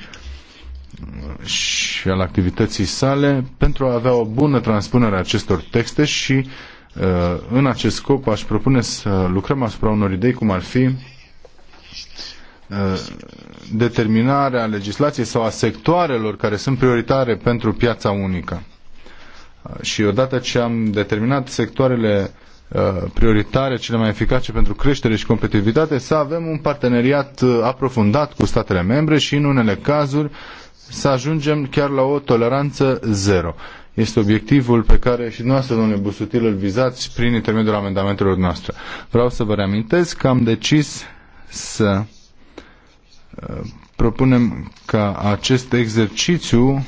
Speaker 3: uh, și al activității sale pentru a avea o bună transpunere a acestor texte și uh, în acest scop aș propune să lucrăm asupra unor idei cum ar fi Uh, determinare a legislației sau a sectoarelor care sunt prioritare pentru piața unică. Uh, și odată ce am determinat sectoarele uh, prioritare, cele mai eficace pentru creștere și competitivitate, să avem un parteneriat aprofundat cu statele membre și în unele cazuri să ajungem chiar la o toleranță zero. Este obiectivul pe care și dumneavoastră, domnule Busutil, îl vizați prin intermediul amendamentelor noastre. Vreau să vă reamintesc că am decis să propunem ca acest exercițiu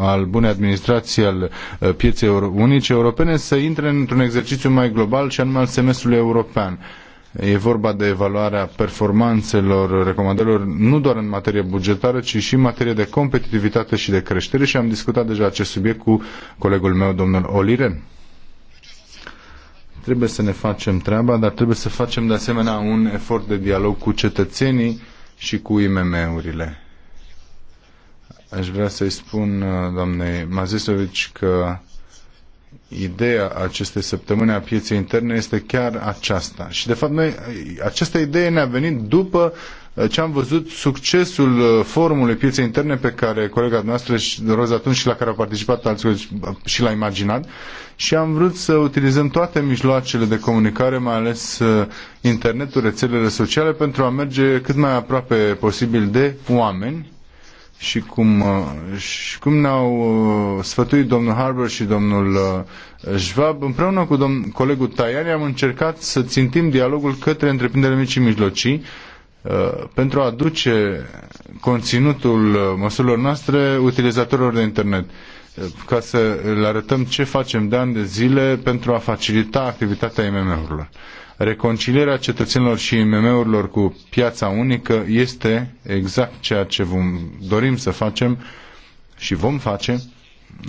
Speaker 3: al bunei administrații al pieței unice europene să intre într-un exercițiu mai global și anume al semestrului european. E vorba de evaluarea performanțelor, recomandărilor, nu doar în materie bugetară, ci și în materie de competitivitate și de creștere și am discutat deja acest subiect cu colegul meu, domnul Oliren. Trebuie să ne facem treaba, dar trebuie să facem de asemenea un efort de dialog cu cetățenii și cu IMM-urile. Aș vrea să-i spun uh, doamnei Mazisovici că ideea acestei săptămâni a pieței interne este chiar aceasta. Și de fapt noi, uh, această idee ne-a venit după uh, Eh, ce am văzut succesul eh, forumului pieței interne pe care colega noastră Roza atunci și la care a participat alții și l-a imaginat și am vrut să utilizăm toate mijloacele de comunicare, mai ales eh, internetul, rețelele sociale, pentru a merge cât mai aproape posibil de oameni și cum, și cum ne-au sfătuit domnul Harbour și domnul Schwab, împreună cu domn, colegul Taiani am încercat să țintim dialogul către întreprinderile mici și mijlocii, Uh, pentru a aduce conținutul uh, măsurilor noastre utilizatorilor de internet uh, ca să le arătăm ce facem de ani de zile pentru a facilita activitatea IMM-urilor. Reconcilierea cetățenilor și IMM-urilor cu piața unică este exact ceea ce vom, dorim să facem și vom face.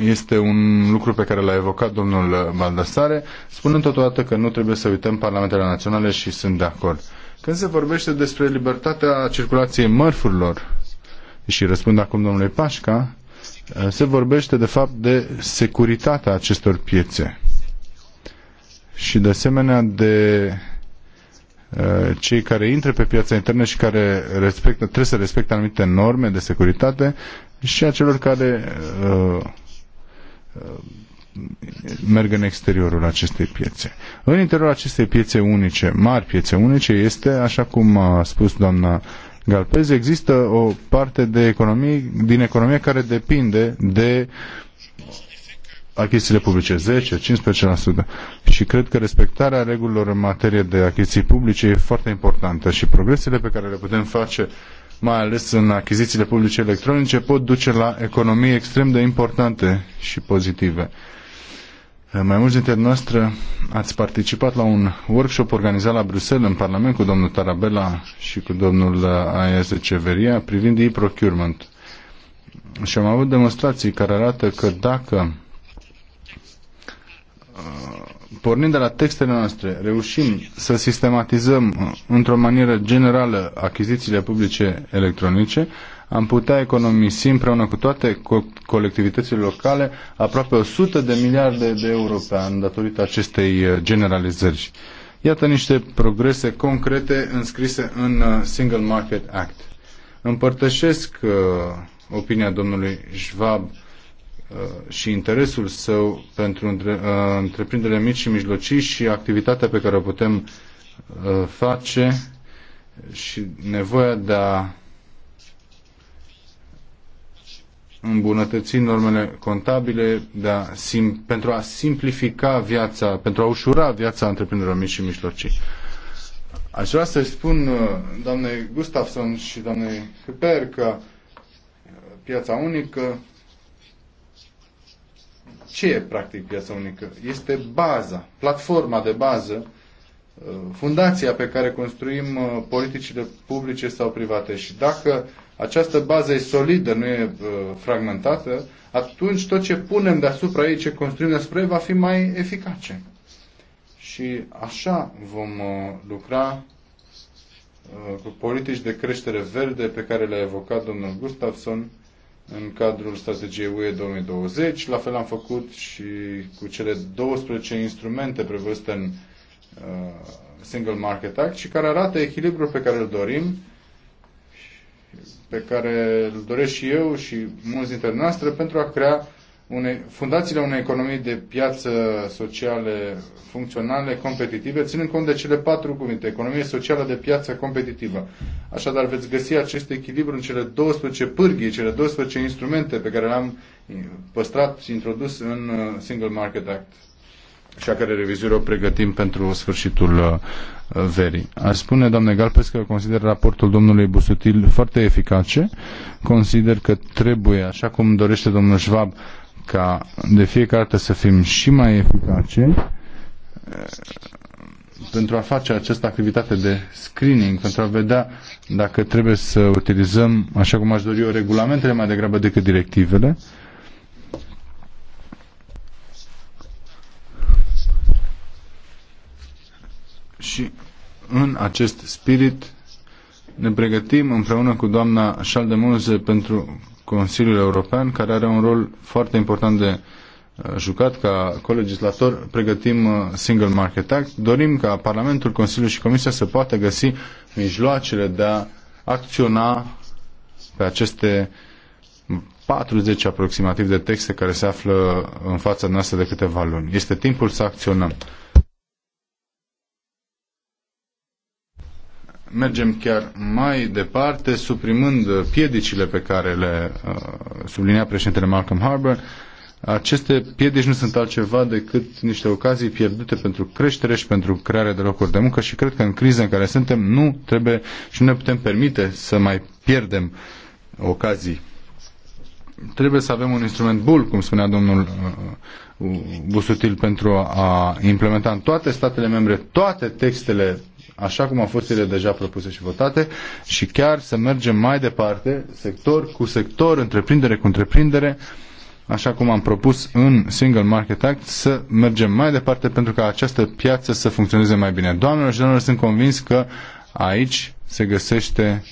Speaker 3: Este un lucru pe care l-a evocat domnul Baldassare, spunând totodată că nu trebuie să uităm parlamentele naționale și sunt de acord. Când se vorbește despre libertatea circulației mărfurilor, și răspund acum domnului Pașca, eh, se vorbește de fapt de securitatea acestor piețe și de asemenea de eh, cei care intră pe piața internă și care respectă, trebuie să respecte anumite norme de securitate și a celor care uh, merg în exteriorul acestei piețe. În interiorul acestei piețe unice, mari piețe unice, este, așa cum a spus doamna Galpez, există o parte de economie, din economie care depinde de achizițiile publice, 10-15%. Și cred că respectarea regulilor în materie de achiziții publice e foarte importantă și progresele pe care le putem face mai ales în achizițiile publice electronice, pot duce la economii extrem de importante și pozitive. Mai mulți dintre noastre ați participat la un workshop organizat la Bruxelles în Parlament cu domnul Tarabella și cu domnul A.S. de Ceveria privind e-procurement. Și am avut demonstrații care arată că dacă uh, pornind de la textele noastre, reușim să sistematizăm uh, într-o manieră generală achizițiile publice electronice, am putea economisi împreună cu toate co- colectivitățile locale aproape 100 de miliarde de euro pe an datorită acestei uh, generalizări. Iată niște progrese concrete înscrise în uh, Single Market Act. Împărtășesc uh, opinia domnului Schwab uh, și interesul său pentru între, întreprinderile mici și mijlocii și activitatea pe care o putem face și nevoia de a îmbunătăți normele contabile de a sim- pentru a simplifica viața, pentru a ușura viața întreprinderilor mici și mijlocii. Aș vrea să spun uh, doamnei Gustafson și doamnei Hyper că uh, piața unică ce e practic piața unică? Este baza, platforma de bază, uh, fundația pe care construim politicile publice sau private și dacă această bază e solidă, nu e uh, fragmentată, atunci tot ce punem deasupra ei, ce construim deasupra ei, va fi mai eficace. Și așa vom uh, lucra uh, cu politici de creștere verde pe care le-a evocat domnul Gustafsson în cadrul strategiei UE 2020. La fel am făcut și cu cele 12 instrumente prevăzute în uh, Single Market Act și care arată echilibrul pe care îl dorim pe care îl doresc și eu și mulți dintre noastre pentru a crea une, fundațiile unei economii de piață sociale, funcționale, competitive, ținând cont de cele patru cuvinte, economie socială de piață competitivă. Așadar veți găsi acest echilibru în cele 12 pârghii, cele 12 instrumente pe care le-am eh, păstrat și introdus în eh, Single Market Act și a care revizuire o pregătim pentru sfârșitul uh, verii. Aș spune, doamne Galpes, că consider raportul domnului Busutil foarte eficace. Consider că trebuie, așa cum dorește domnul Schwab, ca de fiecare dată să fim și mai eficace uh, pentru a face această activitate de screening, pentru a vedea dacă trebuie să utilizăm, așa cum aș dori eu, regulamentele mai degrabă decât directivele, uh, Și în acest spirit ne pregătim împreună cu doamna Șaldemuse pentru Consiliul European, care are un rol foarte important de uh, jucat ca colegislator, pregătim uh, Single Market Act. Dorim ca Parlamentul, Consiliul și Comisia să poată găsi mijloacele de a acționa pe aceste 40 aproximativ de texte care se află în fața noastră de câteva luni. Este timpul să acționăm. mergem chiar mai departe, suprimând piedicile pe care le uh, sublinea președintele Malcolm Harbour. Aceste piedici nu sunt altceva decât niște ocazii pierdute pentru creștere și pentru crearea de locuri de muncă și cred că în criza în care suntem nu trebuie și nu ne putem permite să mai pierdem ocazii. Trebuie să avem un instrument bul, cum spunea domnul uh, Busutil pentru a implementa în toate statele membre toate textele așa cum au fost ele deja propuse și votate, și chiar să mergem mai departe, sector cu sector, întreprindere cu întreprindere, așa cum am propus în Single Market Act, să mergem mai departe pentru ca această piață să funcționeze mai bine. Doamnelor și domnilor, sunt convins că aici se găsește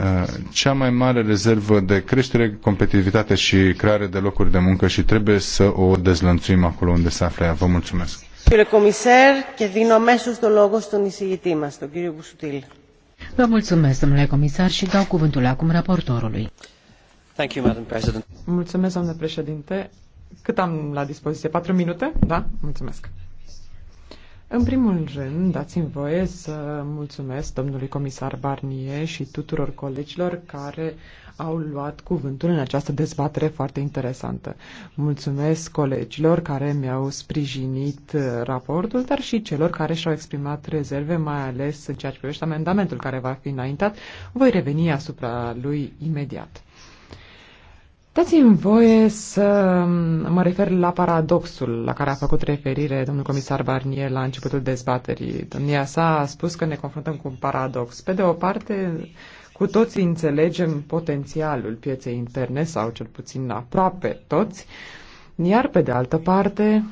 Speaker 3: uh, cea mai mare rezervă de creștere, competitivitate și creare de locuri de muncă și trebuie să o dezlănțuim acolo unde se află ea. Vă mulțumesc!
Speaker 1: Vă mulțumesc, domnule comisar, și dau cuvântul acum raportorului.
Speaker 2: Mulțumesc, domnule președinte. Cât am la dispoziție? Patru minute? Da? Mulțumesc. În primul rând, dați-mi voie să mulțumesc domnului comisar Barnier și tuturor colegilor care au luat cuvântul în această dezbatere foarte interesantă. Mulțumesc colegilor care mi-au sprijinit uh, raportul, dar și celor care și-au exprimat rezerve, mai ales în ceea ce privește amendamentul care va fi înaintat. Voi reveni asupra lui imediat. Dați-mi voie să um, mă refer la paradoxul la care a făcut referire domnul comisar Barnier la începutul dezbaterii. Domnia sa a spus că ne confruntăm cu un paradox. Pe de o parte, cu toții înțelegem potențialul pieței interne, sau cel puțin aproape toți, iar pe de altă parte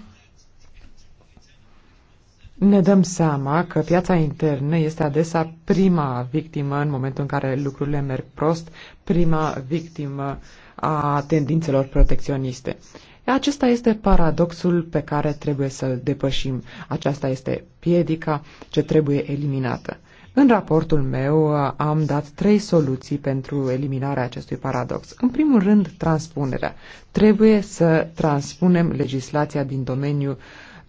Speaker 2: ne dăm seama că piața internă este adesea prima victimă în momentul în care lucrurile merg prost, prima victimă a tendințelor protecționiste. Acesta este paradoxul pe care trebuie să-l depășim. Aceasta este piedica ce trebuie eliminată. În raportul meu uh, am dat trei soluții pentru eliminarea acestui paradox. În primul rând, transpunerea. Trebuie să transpunem legislația din domeniu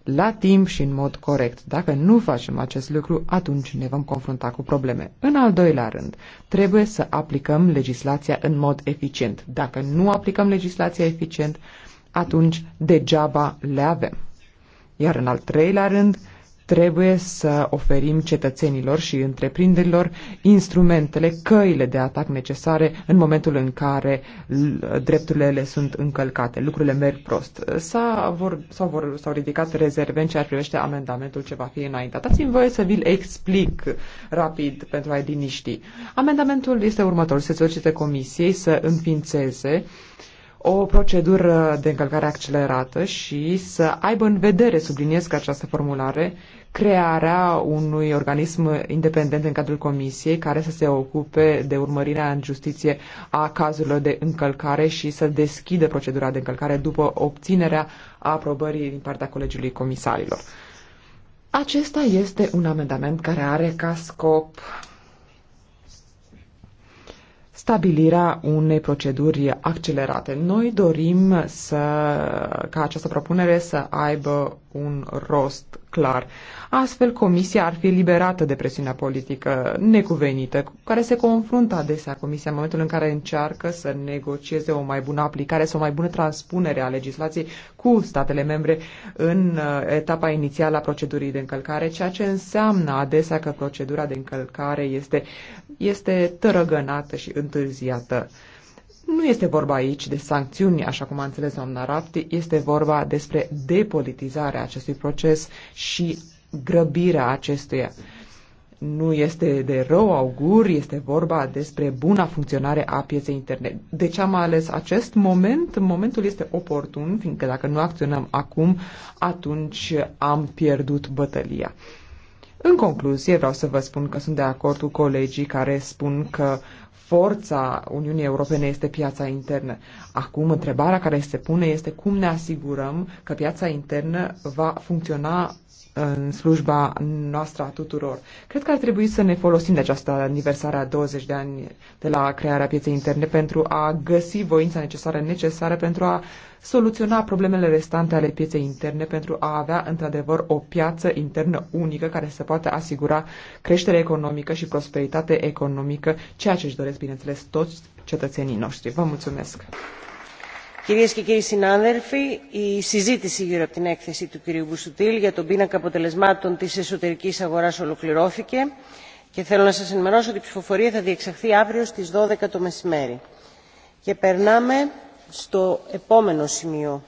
Speaker 2: la timp și în mod corect. Dacă nu facem acest lucru, atunci ne vom confrunta cu probleme. În al doilea rând, trebuie să aplicăm legislația în mod eficient. Dacă nu aplicăm legislația eficient, atunci degeaba le avem. Iar în al treilea rând, Trebuie să oferim cetățenilor și întreprinderilor instrumentele, căile de atac necesare în momentul în care drepturile le sunt încălcate, lucrurile merg prost. S-au vor, s-au vor, s-au ridicat rezerve în ceea ce privește amendamentul ce va fi înaintat. Dați-mi voie să vi-l explic rapid pentru a-i liniști. Amendamentul este următorul. Se solicită comisiei să înființeze o procedură de încălcare accelerată și să aibă în vedere, subliniez că această formulare, crearea unui organism independent în cadrul Comisiei care să se ocupe de urmărirea în justiție a cazurilor de încălcare și să deschidă procedura de încălcare după obținerea aprobării din partea Colegiului Comisarilor. Acesta este un amendament care are ca scop stabilirea unei proceduri accelerate. Noi dorim să, ca această propunere să aibă un rost clar. Astfel, Comisia ar fi liberată de presiunea politică necuvenită cu care se confruntă adesea Comisia în momentul în care încearcă să negocieze o mai bună aplicare sau o mai bună transpunere a legislației cu statele membre în uh, etapa inițială a procedurii de încălcare, ceea ce înseamnă adesea că procedura de încălcare este, este tărăgănată și în întârziată. Nu este vorba aici de sancțiuni, așa cum a înțeles doamna Rafti, este vorba despre depolitizarea acestui proces și grăbirea acestuia. Nu este de rău augur, este vorba despre buna funcționare a pieței internet. De ce am ales acest moment? Momentul este oportun, fiindcă dacă nu acționăm acum, atunci am pierdut bătălia. În concluzie, vreau să vă spun că sunt de acord cu colegii care spun că forța Uniunii Europene este piața internă. Acum, întrebarea care se pune este cum ne asigurăm că piața internă va funcționa în slujba noastră a tuturor. Cred că ar trebui să ne folosim de această aniversare a 20 de ani de la crearea pieței interne pentru a găsi voința necesară necesară pentru a soluționa problemele restante ale pieței interne, pentru a avea într-adevăr o piață internă unică care să poată asigura creștere economică și prosperitate economică, ceea ce își doresc, bineînțeles, toți cetățenii noștri. Vă mulțumesc!
Speaker 1: Κυρίες και κύριοι συνάδελφοι, η συζήτηση γύρω από την έκθεση του κυρίου Μπουσουτήλ για τον πίνακα αποτελεσμάτων της εσωτερικής αγοράς ολοκληρώθηκε και θέλω να σας ενημερώσω ότι η ψηφοφορία θα διεξαχθεί αύριο στις 12 το μεσημέρι. Και περνάμε στο επόμενο σημείο